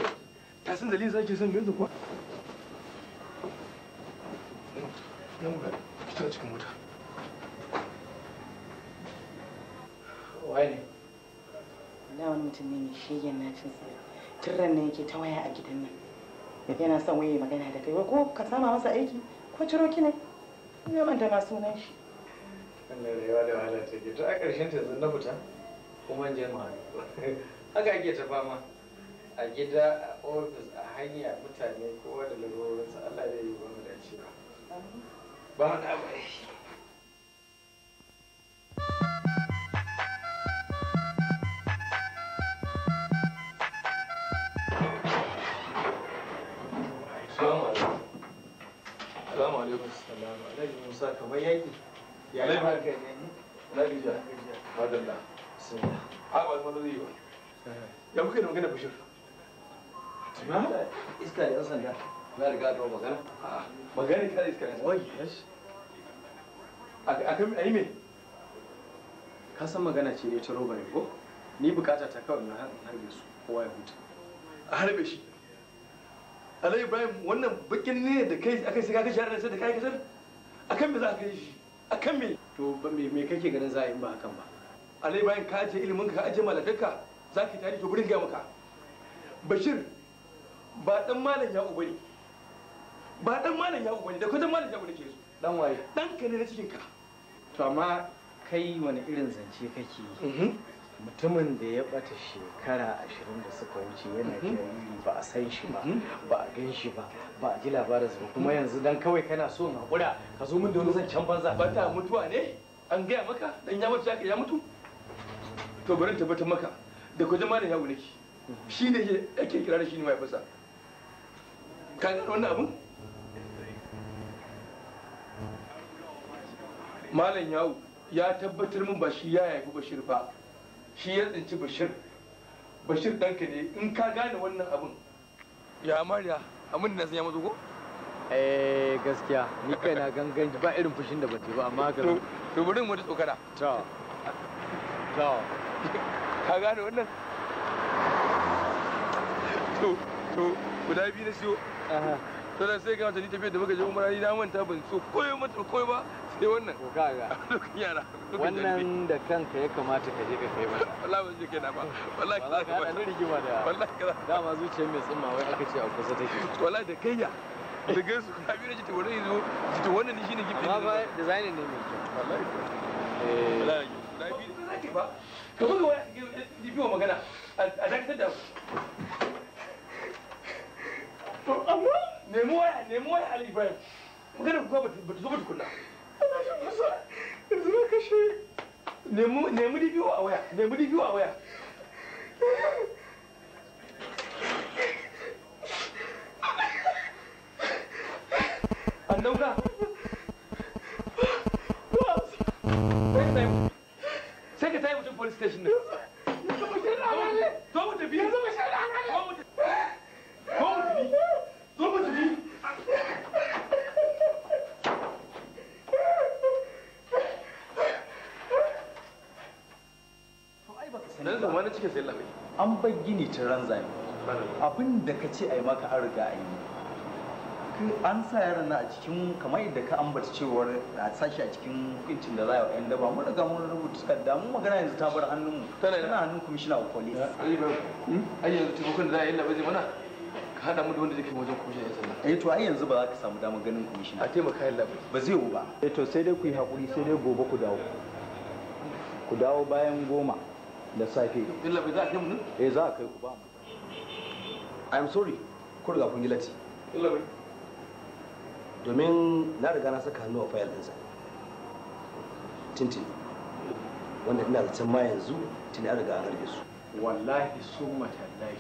ta son ganin kuwa nan ga fita cikin mota waye ne wani mutum ne mai shegen na cin tsira tun ran yake ta waya a gidan nan yana son waye magana da kai ko ka sama masa aiki ko ciro ki ne ya manta ma sunan shi Allah ya yi wa da wahala take to a ƙarshen ta kuma je haka ake ta fama a gida a ofis a hanya mutane kowa da lalurorinsa Allah zai yi ba dace ba ba mu da Salamu alaikum. Salamu alaikum. Musa kamar yaki. Ya yi haka Na gajiya. Madalla. A'a ba zai yi ba. Ya kuke da magana Bashir? Tuna? Iska da 'yan sanda. Na riga da magana. Magana iska da iska da 'yan sanda. Oh yes. A kan ayi ah, me? Ka san magana ce ne ta roba ne ko? Ni bukata ta kawai na harbe su kowa ya huta. A harbe shi. Alayi Ibrahim wannan bakin ne da kai aka sai ka kashe har da kai kasar? Akan me za ka yi shi? Akan me? To me kake ganin za a yi ba akan ba? alai bayan ka ajiye ilimin ka ajiye malakarka za ki tare ki burin gaya maka bashir ba dan malam ya ne ba dan malam ya ne da ko dan malam ya ne ke so dan waye dan ka ne na cikin ka to amma kai wani irin zance kake yi mhm. mutumin da ya bata shekara ashirin da suka wuce yana mhm. jariri ba a san shi ba mhm. ba a gan shi ba ba a ji labarin ba kuma yanzu dan kawai kana so na kura ka zo min da wani zancen banza bata mutuwa ne an gaya maka dan ya mutu ya mutu to bari tabbatar maka da kwajin malam yawo nake shi ne yake kira da shi ne mahaifinsa ka gane wannan abin malam yawo ya tabbatar min ba shi ya haifi bashir ba shi ya tsinci bashir bashir ɗanka ne in ka gane wannan abin ya mariya amin na ya mazugo eh gaskiya ni kai na gangan ba irin fushin da bace ba amma ga to bari mu da tsokara to ka gane wannan to to guda biyu na siyo sai ga ni da muka je umara ni na manta ban so koyo mata koyo ba sai wannan to yara wannan da kanka ya kamata ka je ka kai mata wallahi ban je kai na ba wallahi ka ka ni rigima da wallahi ka zuciyar mai tsimma wai aka ce a kusa take wallahi da kayya da gaisu ka bi na ji to wannan yanzu wannan ne shine gifin amma ba design ne mai kyau wallahi eh ba ka buga wani magana a dakatar da to amma nemi waya nemi waya ali ibrahim magana kuka ba ta zo ba ana shi kusa yanzu kashe nemi a waya nemi a waya an bar gini ta ranzami abin da ka ce a yi maka an riga a yi an sa yaran na a cikin kamar yadda ka ambata cewar a sashi a cikin hukuncin da za a yi daba mun riga mun rubuta takarda mun magana yanzu ta bar hannun mu tana yana hannun kwamishina a kwale hmm? ai yanzu taimakon da za a yi labai mana ka haɗa mu da wanda zai wajen kwamishin yan sanda eh to ai yanzu ba za ka samu damar ganin kwamishina a taimaka yin labai ba zai yiwu ba eh to sai dai ku yi haƙuri sai dai gobe ku dawo ku dawo bayan goma da safe illa bai za a kai mu eh za a kai ku ba mu i am sorry ku riga kun gilati illa bai domin na riga na saka hannu a fayil ɗinsa tintin wanda ina zaton ma yanzu tun an riga an harbe su wallahi sun matallahi.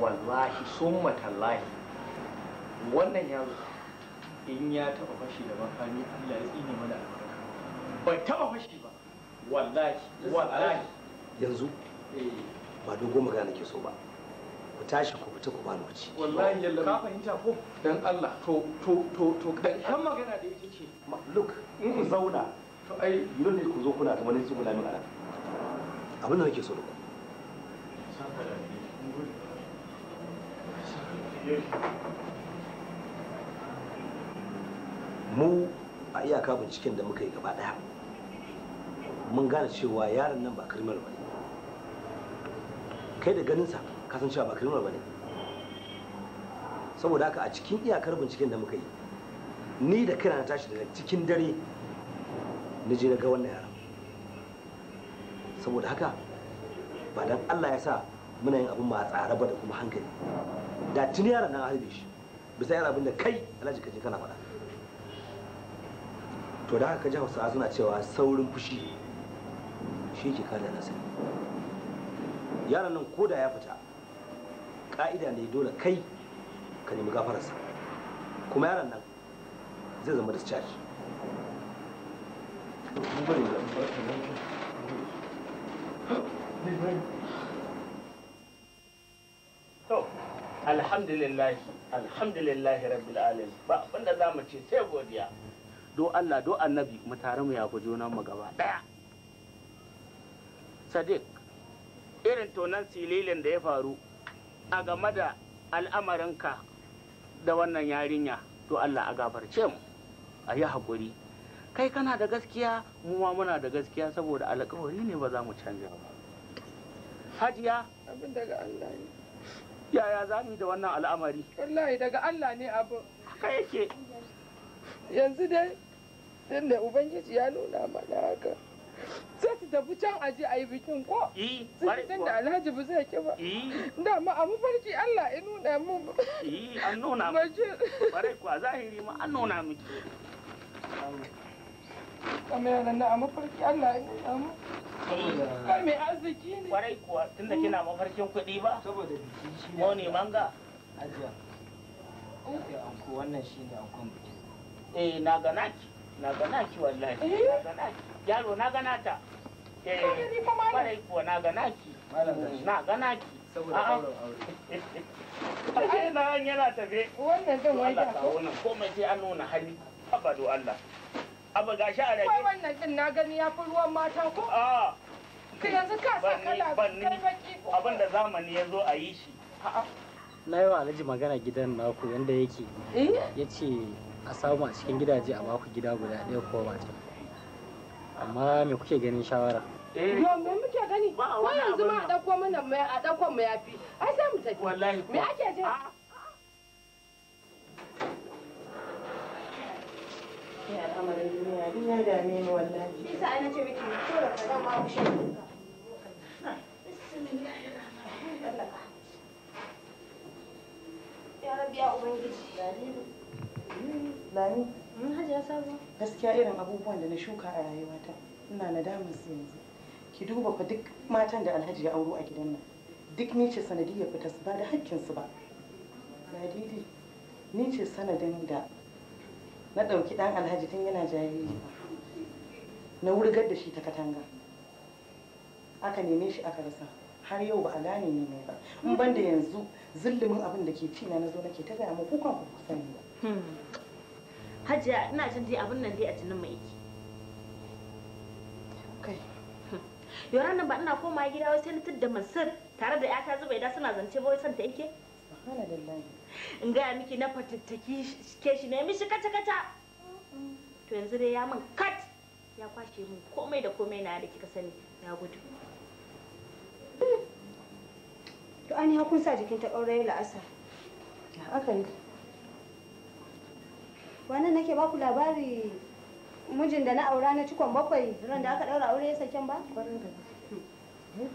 wallahi sun matallahi. wannan yaro in ya taba fashi da makami Allah ya tsine mana albarka bai taba fashi ba wallahi wallahi yanzu eh. ba dogo magana nake so ba ku tashi ku fita ku ba lokaci wallahi yalla ka fahimta ko dan Allah to to to to kan magana da ita ce look in ku zauna to ai dole ne ku zo kuna kamar yanzu kuna min anan abin da nake so da ku mu a iyaka binciken da muka yi gaba daya mun gane cewa yaron nan ba kirmar bane kai da ganinsa ka san cewa ba ba bane saboda haka a cikin iyakar binciken da muka yi ni da kai na tashi daga cikin dare na je na ga wannan yaran saboda haka ba dan Allah ya sa muna yin abin ma tsare ba da kuma hankali da tuni yaran nan harbe shi bisa yaran abin da kai Alhaji kaje kana faɗa to da haka ji Hausawa suna cewa saurin fushi shi ke kada na yaran nan koda ya fita ka'ida ne dole kai ka nemi gafararsa kuma yaran nan zai zama discharge to alhamdulillah alhamdulillah rabbil alamin ba abinda za mu ce sai godiya do Allah do annabi mu tare mu yafi junan mu gaba daya sadiq irin tonan sililin da ya faru a game da al'amarinka da wannan yarinya to Allah a gafarce mu a yi haƙuri kai kana da gaskiya mu ma muna da gaskiya saboda alƙawari ne ba za mu canja ba hajiya abin daga Allah ne yaya za mu yi da wannan al'amari wallahi daga Allah ne abu haka yake yanzu dai tunda ubangiji ya nuna mana haka sai da tafi can aje a yi bikin ko eh, sun san alhaji ba zai ki ba eh. da ma a mafarki allah ya nuna eh, kwarai kuwa tunda kina mafarkin kuɗi ba saboda biki shi ne wannan shi ne ankon bikin eh na ganaki na ganaki wallahi na ganaki yaro na eh, gana ta kwarai kuwa na gana ki na gana ki a'a na an yana tafe wannan zan wanda ko wannan komai sai an nuna hali abadu Allah abu gashi a rabe wannan din na gani ya fi ruwan mata ko a ka yanzu ka sa kala ban ni abin da zamani ya zo a yi shi na yi wa alhaji magana gidan naku yadda yake eh? ya ce a samu a cikin gidaje a baku gida guda ɗaya ko mata amma me kuke ganin shawara Eh, me muke gani ko yanzu ma a dauko mana mai a dauko mu yafi ai sai mu tafi wallahi me ake ji? Ah. ya dame ya rabbi ya ubangiji lami hajiya sabo. Gaskiya irin abubuwan da na shuka a rayuwata ina nadamar su yanzu. Ki duba fa duk matan da Alhaji ya auro a gidan nan. Duk ni ce sanadiyar fita su ba da su ba. Ladidi, ni ce sanadin da na ɗauki ɗan Alhaji tun yana jariri na wurgar da shi ta katanga. Aka neme shi aka rasa. har yau ba a gane ni ne ba in ban da yanzu zillimin abin da ke ci na zo nake ta gaya muku kan ku sani ba hmm. hajiya ina jin dai abin nan dai a jinin mai yake kai hm. ran nan ba ina koma gida wai sai na tudda masar tare da ƴata zuba idan suna zance ba wai san ta yake in gaya miki na fatattaki ke shi ne mishi kata kata to yanzu dai ya min kat ya kwashe min komai da komai na da kika sani ya gudu to an yi hakun sa jikin ta la'asa. ya haka ne wani nake baku labari mijin da na aura na cikon bakwai ran da aka daura aure ya saken ba?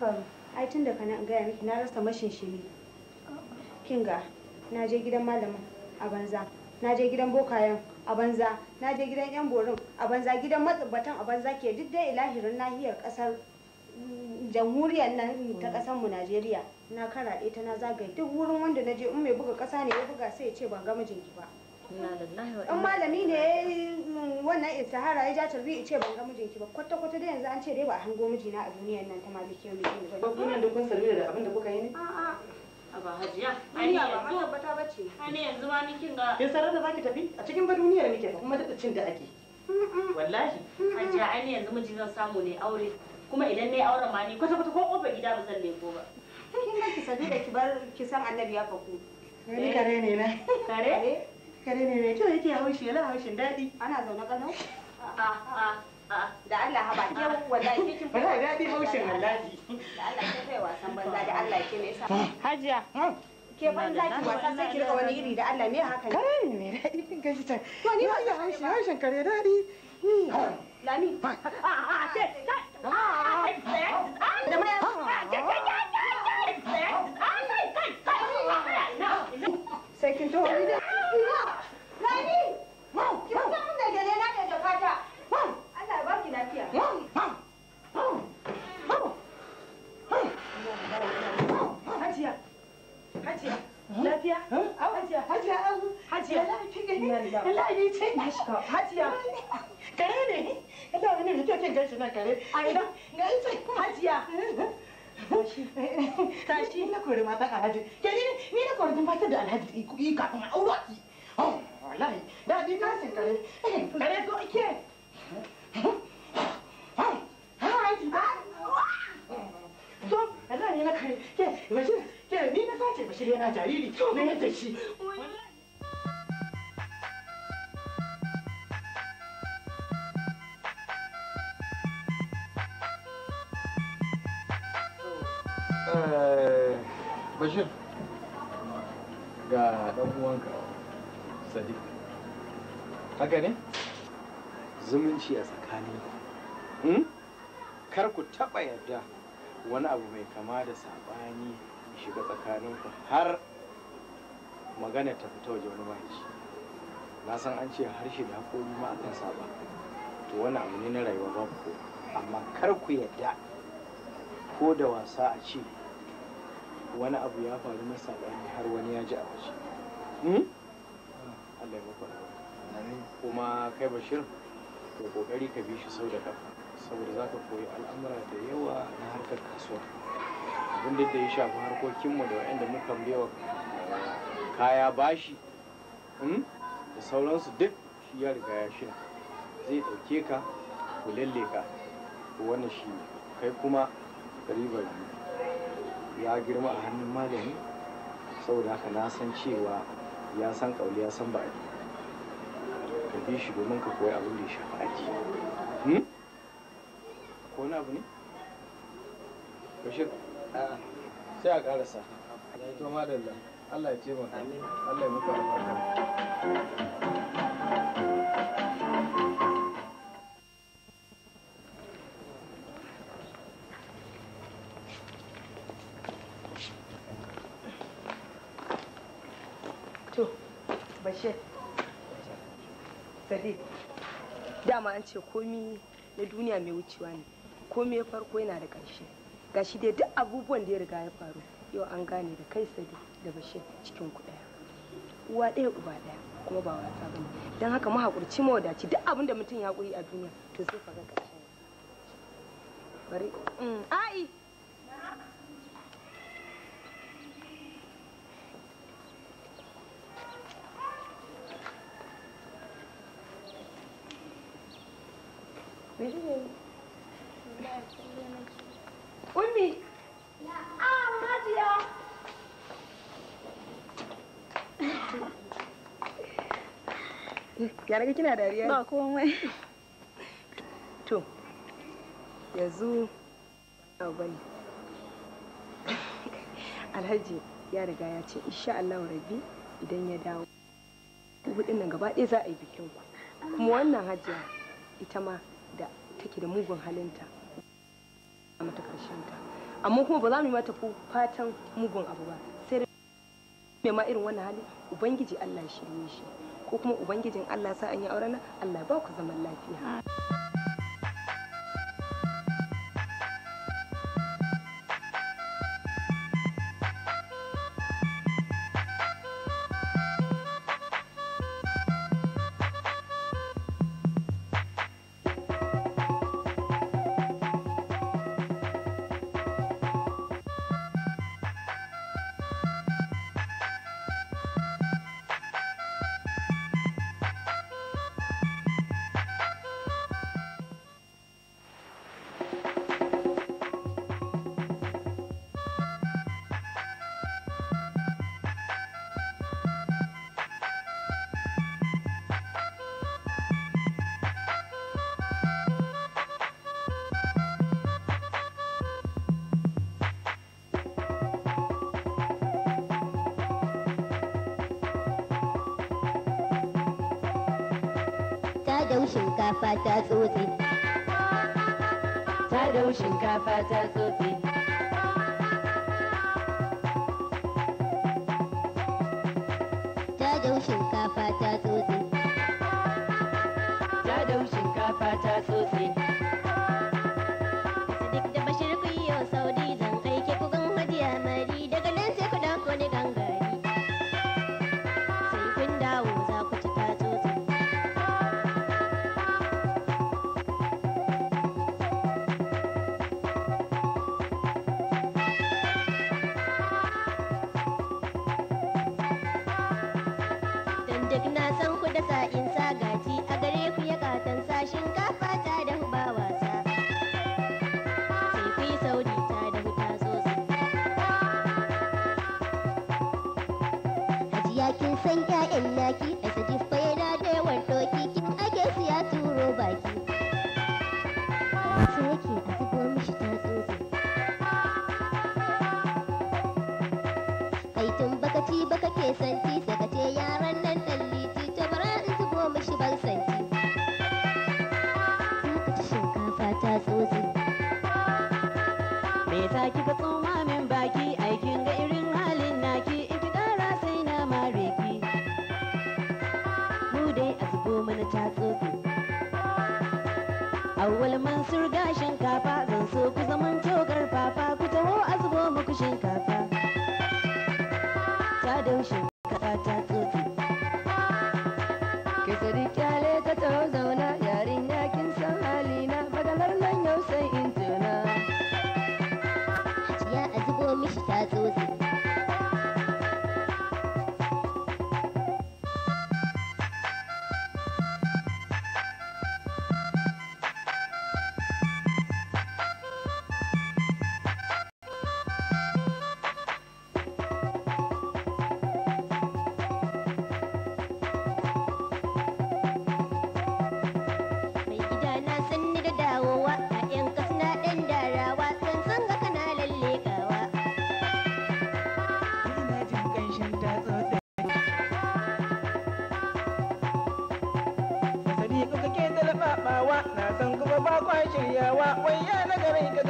da Ai tun da ka gaya miki na rasa mashin shi ne. Kinga na je gidan malamin a banza. Na je gidan bokayen a banza. Na je gidan yan borin a banza. Gidan matsubatan a banza ke duk dai ilahirin nahiyar kasar mm, jamhuriyar nan ta kasar mu Najeriya. Na karaɗe ta na zagaye duk wurin wanda na je in mai buga kasa ne ya buga sai ya ce ban ga mijinki ba. in malami ne wannan istihara ya ja tarbi ce ban ga mijinki ba kwata kwata da yanzu an ce dai ba a hango mijina a duniyar nan ta maliki yau mijin ba kun nan da kun sarbi da abin da kuka yi ne a'a a ba hajiya ani yanzu ba tabbata bace ani yanzu ma nikin ga kin sarar da zaki tafi a cikin ba duniyar nike ba kuma duk cin da ake wallahi hajiya ani yanzu miji zan samu ne aure kuma idan ne auren ma ni kwata kwata ko kofar gida ba zan leko ba kin ga ki sabi da ki bar ki san annabi ya faku ni kare ne na kare kare ne mai kyau yake haushi yana haushin daɗi ana zaune kano da Allah haba ke wanda ke kin fara da daɗi haushin wallahi da Allah ke kai wasan banza da Allah ke ne sa hajiya ke banza ki wasa sai ki rika wani iri da Allah me haka kare ne mai daɗi kin gaji ta to ni Allah haushi haushin kare daɗi lami a a ce a a da mai Second hajiya hajiya hajiya hajiya wallahi ce na shiga hajiya kare ne ina wani rito kin gashi na kare a ina hajiya tashi na kore mata alhaji ke ni na kore mata da alhaji yi kafin a aura ki oh, wallahi da ni na sin kare eh, kare to ke ah. so Allah ne na kare ke da ni na sace bashir yana jariri na yadda shi bashir ga ɗan uwanka sadiq haka ne zumunci a tsakanin hmm? kar ku taɓa yarda wani abu mai kama da saɓani shiga tsakanin ku har magana ta fita waje wani mahaici na san an ce harshe da haƙori ma akan saba to wani abu ne na rayuwa ba ku amma kar ku yadda ko da wasa a ce wani abu ya faru na saɓani har wani ya ji a waje hmm? Allah ya maka kuma kai bashir to kokari ka bi shi sau da kafa saboda za ka koyi al'amura da yawa na harkar kasuwa abin da ya shafi harkokinmu da waɗanda muka biyo eh, kaya bashi hmm, da sauransu duk shi ya riga ya shi zai ɗauke ka ku lalle ka wani shi kai kuma ribar ya girma a hannun malami saboda haka na san cewa ya san ƙauli ya san ba'a ka bi shi domin ka koyi abin da ya shafi aji hmm? ko wani abu ne you. sai a karasa to madalla Allah ya ce maka Allah ya muku albarka Bashir. Sadiq. Dama an ce komi na duniya mai wucewa ne. Komi farko yana da ƙarshe. gashi dai duk abubuwan da ya riga ya faru yau an gane da kai sadi da bashir cikin ku daya uwa ɗaya uba ɗaya kuma ba wasa ba ne don haka mu haƙurci mu wadaci duk abin da mutum ya ƙuri a duniya to sai ka ga bari mm, ai Thank Ummi. Ah, Na'am, Hajiya. Ya kina dariya? Ba komai. To, ne. Alhaji ya riga ya ce, Insha Allah rabi idan ya dawo. Hudun nan gaba ɗaya za a yi bikin ku. Kuma wannan hajiya ita ma da take da mugun halinta. mata karshen ta amma kuma ba za mu yi mata ko fatan mugun abu ba sai mai ma irin wannan hali ubangiji Allah shirye shi ko kuma ubangijin Allah sa an yi aure na Allah ba ku zaman lafiya da da shinkafa ta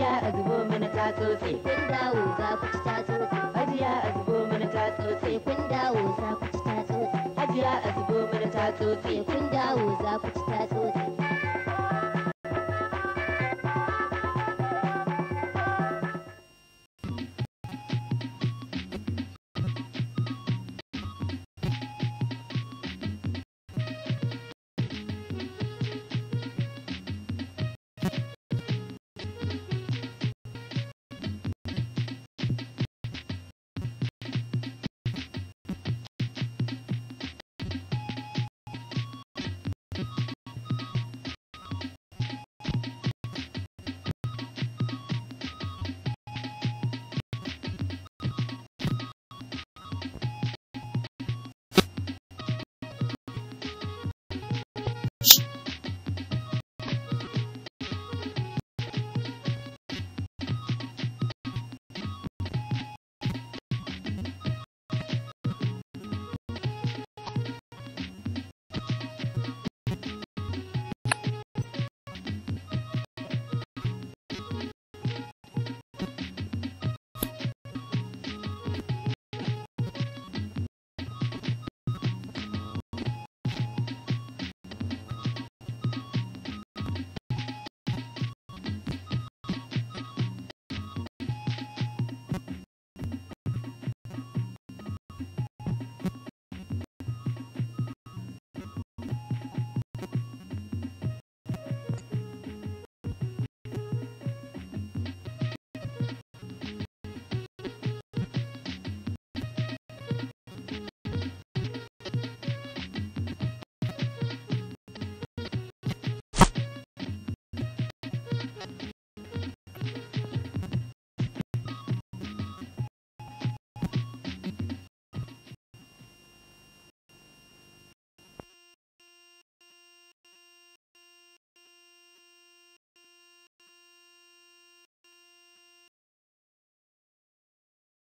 hajiya a zubo mana tatsotse kun dawo za ku ci tatsotse hajiya a zubo mana kun dawo za ku ci hajiya a zubo mana kun dawo za